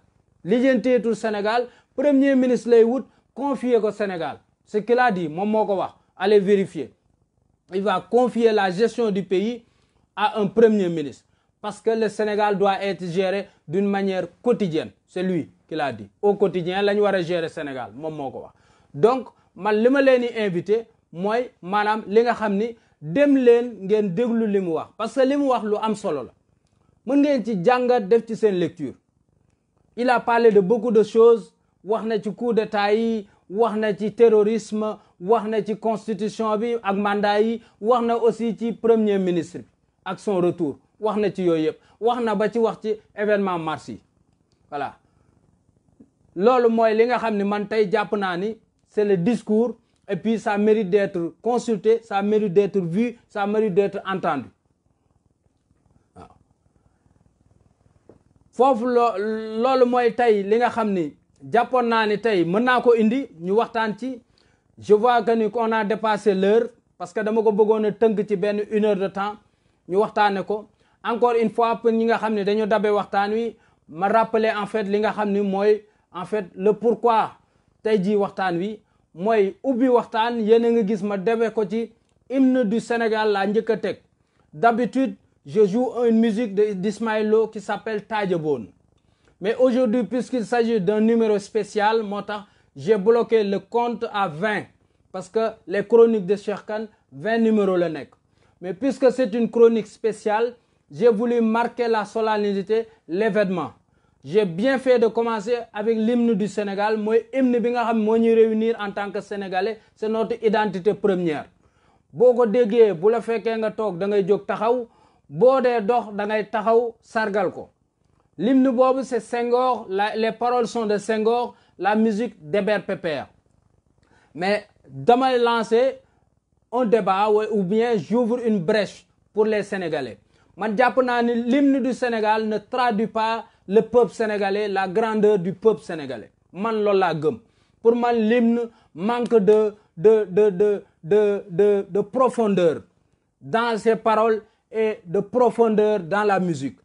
Speaker 1: lijjanteetul Sénégal premier ministre lay wut confier ko Sénégal ce qu'il a dit moom ko wax allez vérifier il va confier la gestion du pays à un premier ministre. Parce que le Sénégal doit être géré d'une manière quotidienne. C'est lui qui l'a dit. Au quotidien, la ñu war a gérer Sénégal moom moo ko wax donc man li ma leen invité mooy maanaam li nga xam ni dem leen ngeen déglu li mu wax parce que limu wax lu am solo la mën ngeen ci jàngat def ci seen lecture. il a parlé de beaucoup de choses wax na ci coup d'état yi wax na ci terrorisme. wax na ci constitution bi ak mandat yi wax na aussi ci premier ministre bi ak son retour wax na ci yooyu yëpp wax na ba ci wax ci événement mars yi voilà loolu mooy li nga xam ne man tey jàpp naa ni c'est le discours et puis ça mérite d'être consulté ça mérite d'être vu ça mérite d'être entendu waaw loolu mooy tey li nga xam ni jàppoon naa ni tey mën naa ko indi ñu waxtaan ci je vois que ni qu'on a dépassé l'heure parce que dama ko bëggoon a tënk ci benn une heure de temps ñu waxtaane ko encore une fois pour ñi nga xam ne dañu dabe waxtaan wi ma rappele en fait li nga xam ni mooy en fait le pourquoi tey jii waxtaan wi mooy ubbi waxtaan yéen a nga gis ma dabe ko ci hymne du Sénégal laa njëkk a teg d'habitude je joue une musique d'Ismaël Lo qui s'appelle Tadjabone mais aujourd'hui puisqu'il s'agit d'un numéro spécial moo tax j'ai bloqué le compte à 20 parce que les chroniques de Cheikh Kane vingt numéro la nekk mais puisque c'est une chronique spéciale jee voulu marquer la solennité l'événement jee bien fait de commencer avec limne du Sénégal mooy hymne bi nga xam moo ñuy réunir en tant que sénégalais c'est notre identité première boo ko déggee bu la fekkee nga toog da ngay jóg taxaw boo dee dox da ngay taxaw sargal ko l'hymne boobu c'est Senghor la les paroles son de Senghor la musique d'Hébert Pépère mais damay lancer un débat ou bien j'ouvre une brèche pour les Sénégalais ma jàpp naa ni l'hymne du Sénégal ne traduit pas le peuple sénégalais la grandeur du peuple sénégalais man loolu laa gëm pour man l'hymne manque de de de de de de de profondeur dans ses paroles et de profondeur dans la musique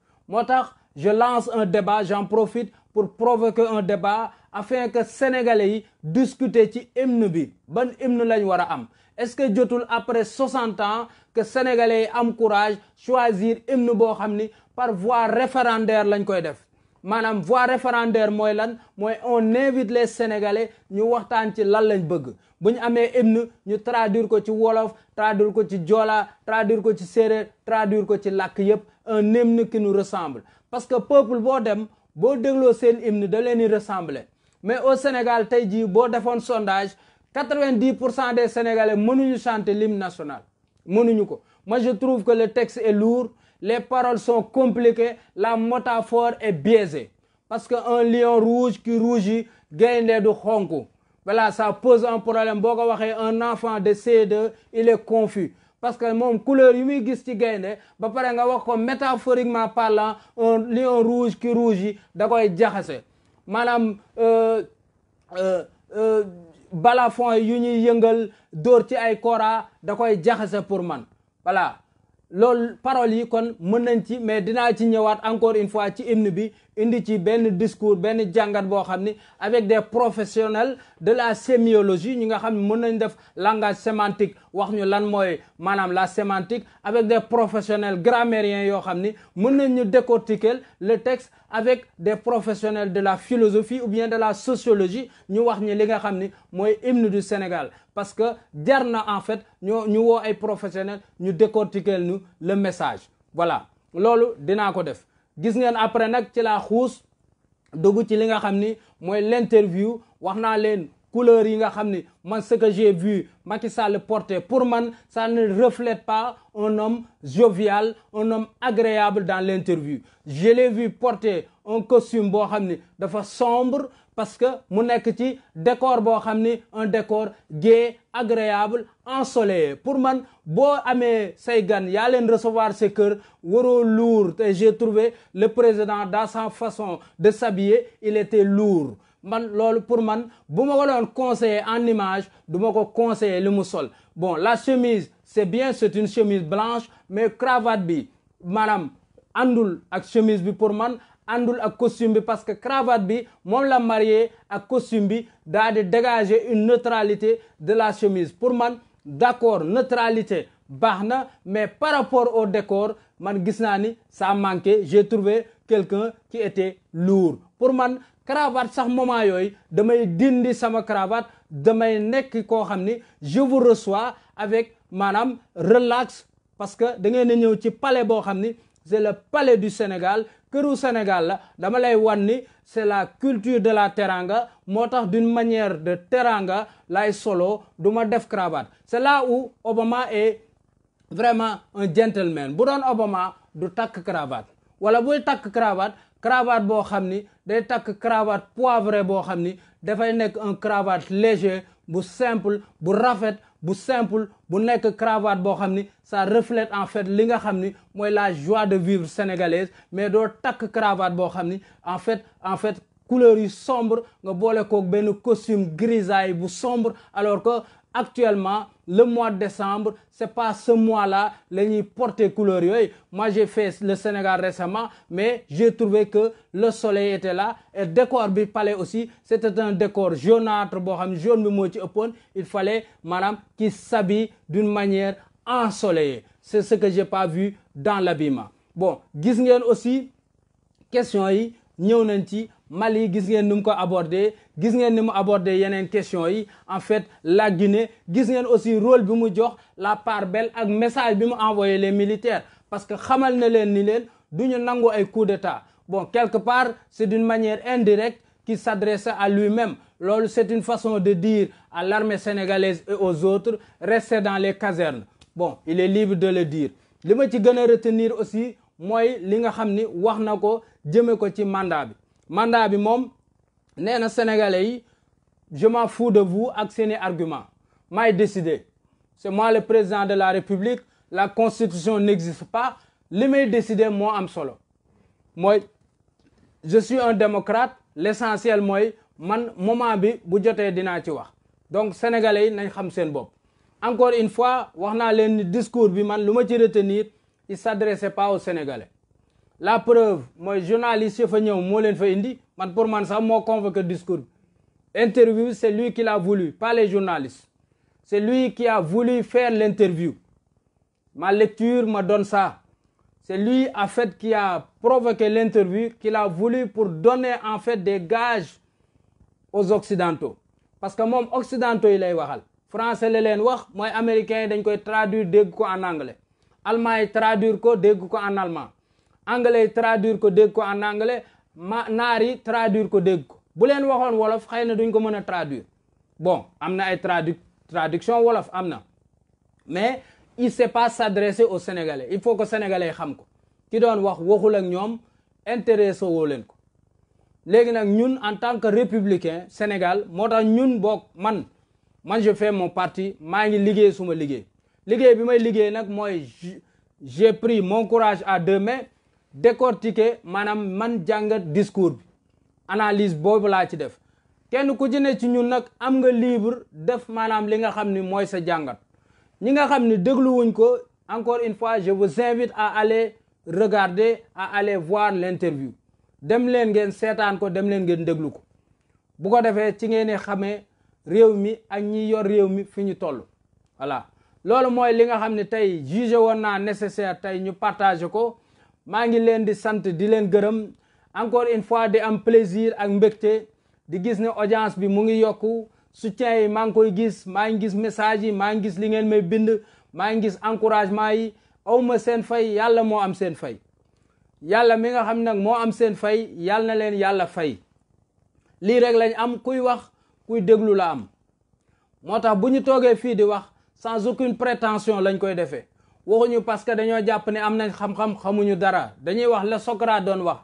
Speaker 1: je lance un débat j'en profite pour provoquer un débat afin que sénégalais yi discuter ci hymne bi ban hymne lañ war a am est-ce que jotul après 60 ans que sénégalais yi am courage choisir hymne boo xam ni par voir référendaire lañ koy def maanaam voie référendaire mooy lan mooy on invite les sénégalais ñu waxtaan ci lan lañ bëgg bu ñu amee hymne ñu traduire ko ci wolof traduire ko ci joola traduire ko ci séeréer traduire ko ci lakk yépp un hymne qui nous ressemble parce que peuple boo dem boo dégloo seen hymne da leen di ressembler mais au Sénégal tey jii boo defoon sondage quatre-vingt-dix pour cent des Sénégalais mënuñu chanter l'hymne national mënuñu ko moi je trouve que le texte est lourd les paroles sont compliquées la métaphore est biaisée parce que un lion rouge qui rougit gaynde du xonku voilà ça pose un problème boo ko waxee un enfant de CE2 il est confus parce que moom couleur yu muy gis ci gaynde ba pare nga wax ko métaphoriquement parlant un lion rouge ki rouge yi da koy jaxase maanaam euh, euh, euh, balafon yu ñuy yëngal dóor ci ay kora da koy jaxase pour man voilà loolu paroles yi kon mën nañ ci mais dinaa ci ñëwaat encore une fois ci hymne bi indi ci benn discours benn jàngat boo xam ni avec des professionnels de la sémiologie ñi nga xam ne mën nañ def langa sémantique wax ñu lan mooy maanaam la sémantique avec des professionnels grammairiens yoo xam ni mun nañ ñu décortiquer le texte avec des professionnels de la philosophie ou bien de la sociologie ñu wax ñi li nga xam ni mooy hymne du Sénégal parce que jar na en fait ñoo ñu woo ay professionnels ñu décortiquer ñu le message voilà loolu dinaa ko def gis ngeen après nag ci laa xuus dugg ci li nga xam ni mooy l'interview wax naa leen couleur yi nga xam ni man ce g j'ai vu Macky Sall porter pour man ça ne reflète pas un homme jovial un homme agréable dans l'interview je l'ai vu porter un costume boo xam ni dafa sombre parce que mu nekk ci décor boo xam ni un décor gai agréable ensoleillé pour man boo amee say gan yaa leen recevoir sa kër waroo lourd te j'ai trouvé le président dans sa façon de s'habiller il était lourd man loolu pour man bu ma ko doon conseiller en image du ma ko conseiller li mu sol bon la chemise c'est bien c'est une chemise blanche mais cravate bi maanaam àndul ak chemise bi pour man àndul ak costume bi parce que cravate bi moom la marié ak costume bi daa di dégager une neutralité de la chemise pour man d'accord neutralité baax na mais par rapport au décor man gis naa ni ça manqué j'ai trouvé quelqu'un qui était lourd pour man cravate sax moment yooyu damay dindi sama cravate damay nekk koo xam ni je vous reçois avec maanaam relax parce que da ngeen a ñëw ci palais boo xam ni c'est le palais du Sénégal këru Sénégal la dama lay wan ni c'est la culture de la terranga moo tax d'une manière de teranga lay solo du ma def cravate c'est là où Obama est vraiment un gentleman bu doon Obama du takk cravate wala buy takk cravat cravate boo xam ni day takk cravate poivrée boo xam ni dafay nekk un cravate léger bu simple bu rafet bu simple bu nekk cravate boo xam ni ça reflète en fait li nga xam ni mooy la joie de vivre sénégalaise mais doo takk cravat boo xam ni en fait en fait couleur yu sombre nga boole kook benn costume grisaille bu sombre alors que actuellement le mois de décembre c'est pas ce mois-là la ñuy porter couleur yooyu moi j'ai fait le Sénégal récemment mais j'ai trouvé que le soleil était là et décor bi palais aussi c'était un décor jaunâtre boo xam jaune bi moo ci ëppoon il fallait maanaam qui s'habille d'une manière ensoleillée c'est ce que j'ai pas vu dans l'habillement bon gis ngeen aussi question yi ñëw nañ ci Mali gis ngeen nu mu ko abordé gis ngeen ni mu aborde yeneen question yi en fait la Guinée gis ngeen aussi rôle bi mu jox la part belle ak message bi mu envoyé les militaires parce que xamal na leen ni leen du ñu nangu ay coup d'état bon quelque part c'est d'une manière indirecte qui s'adressait à lui-même loolu c'est une façon de dire à l'armée sénégalaise et aux autres restez dans les casernes bon il est libre de le dire li ma ci gën a retenir aussi mooy li nga xam ni wax na ko jëme ko ci mandat bi nee na sénégalais yi je m'en de vous ak seeni argument maay décider c'est moi le président de la république la constitution n'existe pas li may décider moo am solo mooy je suis un démocrate l'essentiel mooy man moment bi bu jotee dinaa ci wax donc sénégalais yi nañ xam seen bopp encore une fois wax naa leen ni discours bi man lu ma ci retenir il s'adressait pas aux sénégalais la preuve mooy journaliste yi fa ñëw moo leen fa indi man pour man sax moo convoqué discours bi interview c'est lui qui l'a voulu pas les journalistes c'est lui qui a voulu faire l'interview ma lecture me donne ça c'est lui en fait ki a provoqué l'interview qu'il a voulu pour donner en fait des gages aux occidentaux parce que moom occidentaux yi lay waxal français la leen wax mooy américains dañ koy traduire dégg ko en anglais allemand yi traduire ko dégg ko en allemand anglais yi traduire ko dégg ko en anglais ma naar yi ko dégg ko bu leen waxoon wolof xëy na duñ ko mën a traduire bon am na ay tradu traduction wolof am na mais il sait pas s'adresser au sénégalais il faut que sénégalais xam ko ki doon wax waxul ak ñoom intéressé woo leen ko léegi nag ñun en tant que républicain Sénégal moo tax ñun boog man man je fais mon parti maa ngi liggéey suma liggéey liggéey bi may liggéey nag mooy j'ai pris mon courage à deux mains décortiquer maanaam man jàngat discours bi analyse boobu laa ci def kenn ku ci ne ci ñun nag am nga libre def maanaam li nga xam ni mooy sa jàngat ñi nga xam ni dégluwuñ ko encore une fois je vous invite à aller regarder à aller voir l'interview dem leen ngeen seetaan ko dem leen ngeen déglu ko bu ko defee ci ngeen xamee réew mi ak ñi yor réew mi fi ñu toll voilà loolu mooy li nga xam ne tey jugé woon naa nécessaire tey ñu partagé ko maa ngi leen di sant di leen gërëm encore une fois di am plaisir ak mbégte di gis ne audience bi mu ngi yokku soutien yi maa ngi koy gis maa ngi gis message yi maa ngi gis li ngeen may bind maa ngi gis encouragement yi awma seen fay yàlla moo am seen fay yàlla mi nga xam nag moo am seen fay yàlla na leen yàlla fay lii rek lañ am kuy wax kuy déglu la am moo tax bu ñu toogee fii di wax sans aucune prétention lañ koy defee waxuñu parce que dañoo jàpp ne am nañ xam-xam xamuñu dara dañuy wax la Socrate doon wax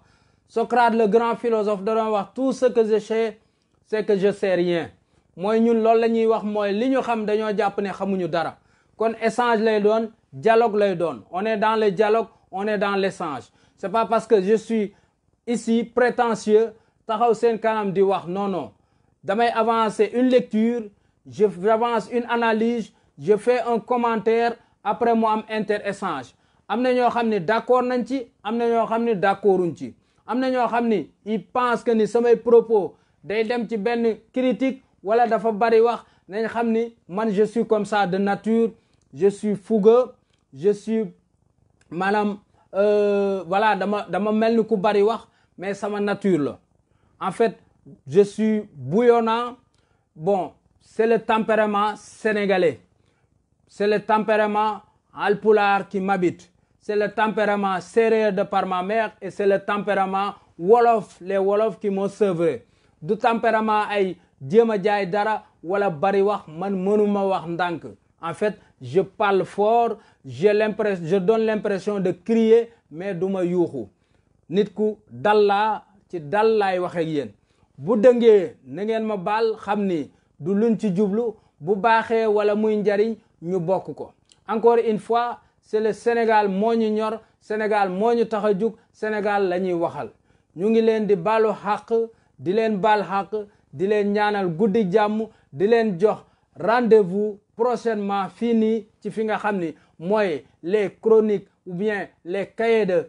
Speaker 1: Socrate le grand philosophe da wax tout ce que je sais c'est que je sais rien mooy ñun loolu la ñuy wax mooy li ñu xam dañoo jàpp ne xamuñu dara kon échange lay doon dialogue lay doon on est dans le dialogue on est dans l'échange c'est pas parce que je suis ici prétentieux taxaw seen kanam di wax non non damay avancer une lecture je avance une analyse je fais un commentaire après mu am interéchange am na ñoo xam ni d'accord nañ ci am na ñoo xam ni d'accorduñ ci am na ñoo xam ni il pense que ni samay propos day dem ci benn critique wala dafa bari wax nañ xam ni man je comme ça de nature je suis fougueux je suis maanaam euh, voilà dama dama mel ni ku bari wax mais sama nature la en fait je suis bouillonnant bon c'est le tempérament sénégalais c'est le tempérament alpulaar ki m'habite c'est le tempérament sérère de par ma mère et c'est le tempérament wolof les wolof qui m'ont sevré du tempérament ay jéem a jaay dara wala bari wax man mënuma wax ndànk en fait je parle fort j'ai l'impression je donne l'impression de crier mais du ma yuuxu nit ku dalla ci dal laay wax yéen bu dëngee na ngeen ma baal xam ni du luñ ci jublu bu baaxee wala muy njariñ ñu bokk ko encore une fois c'est le Sénégal moo ñu ñor Sénégal moo ñu tax a jug Sénégal la ñuy waxal ñu ngi leen di baalu xàq di leen bal xàq di leen ñaanal guddi jàmm di leen jox rendez-vous prochainement fii nii ci fi nga xam ni mooy les chroniques ou bien les cahiers de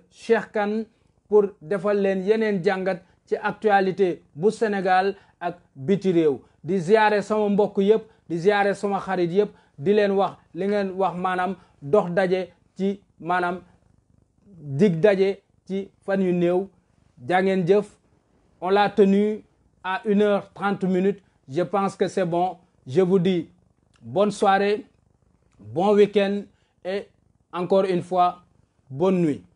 Speaker 1: kan pour defal leen yeneen jàngat ci actualité bu Sénégal ak biti réew di ziare sama mbokk yëpp di ziare sama xarit yëpp di leen wax li ngeen wax maanaam dox daje ci maanaam dig daje ci fan yu néew jàngeen jëf on l'a tenu à une heure trente minutes je pense que c'est bon je vous dis bonne soirée bon week-end et encore une fois bonne nuit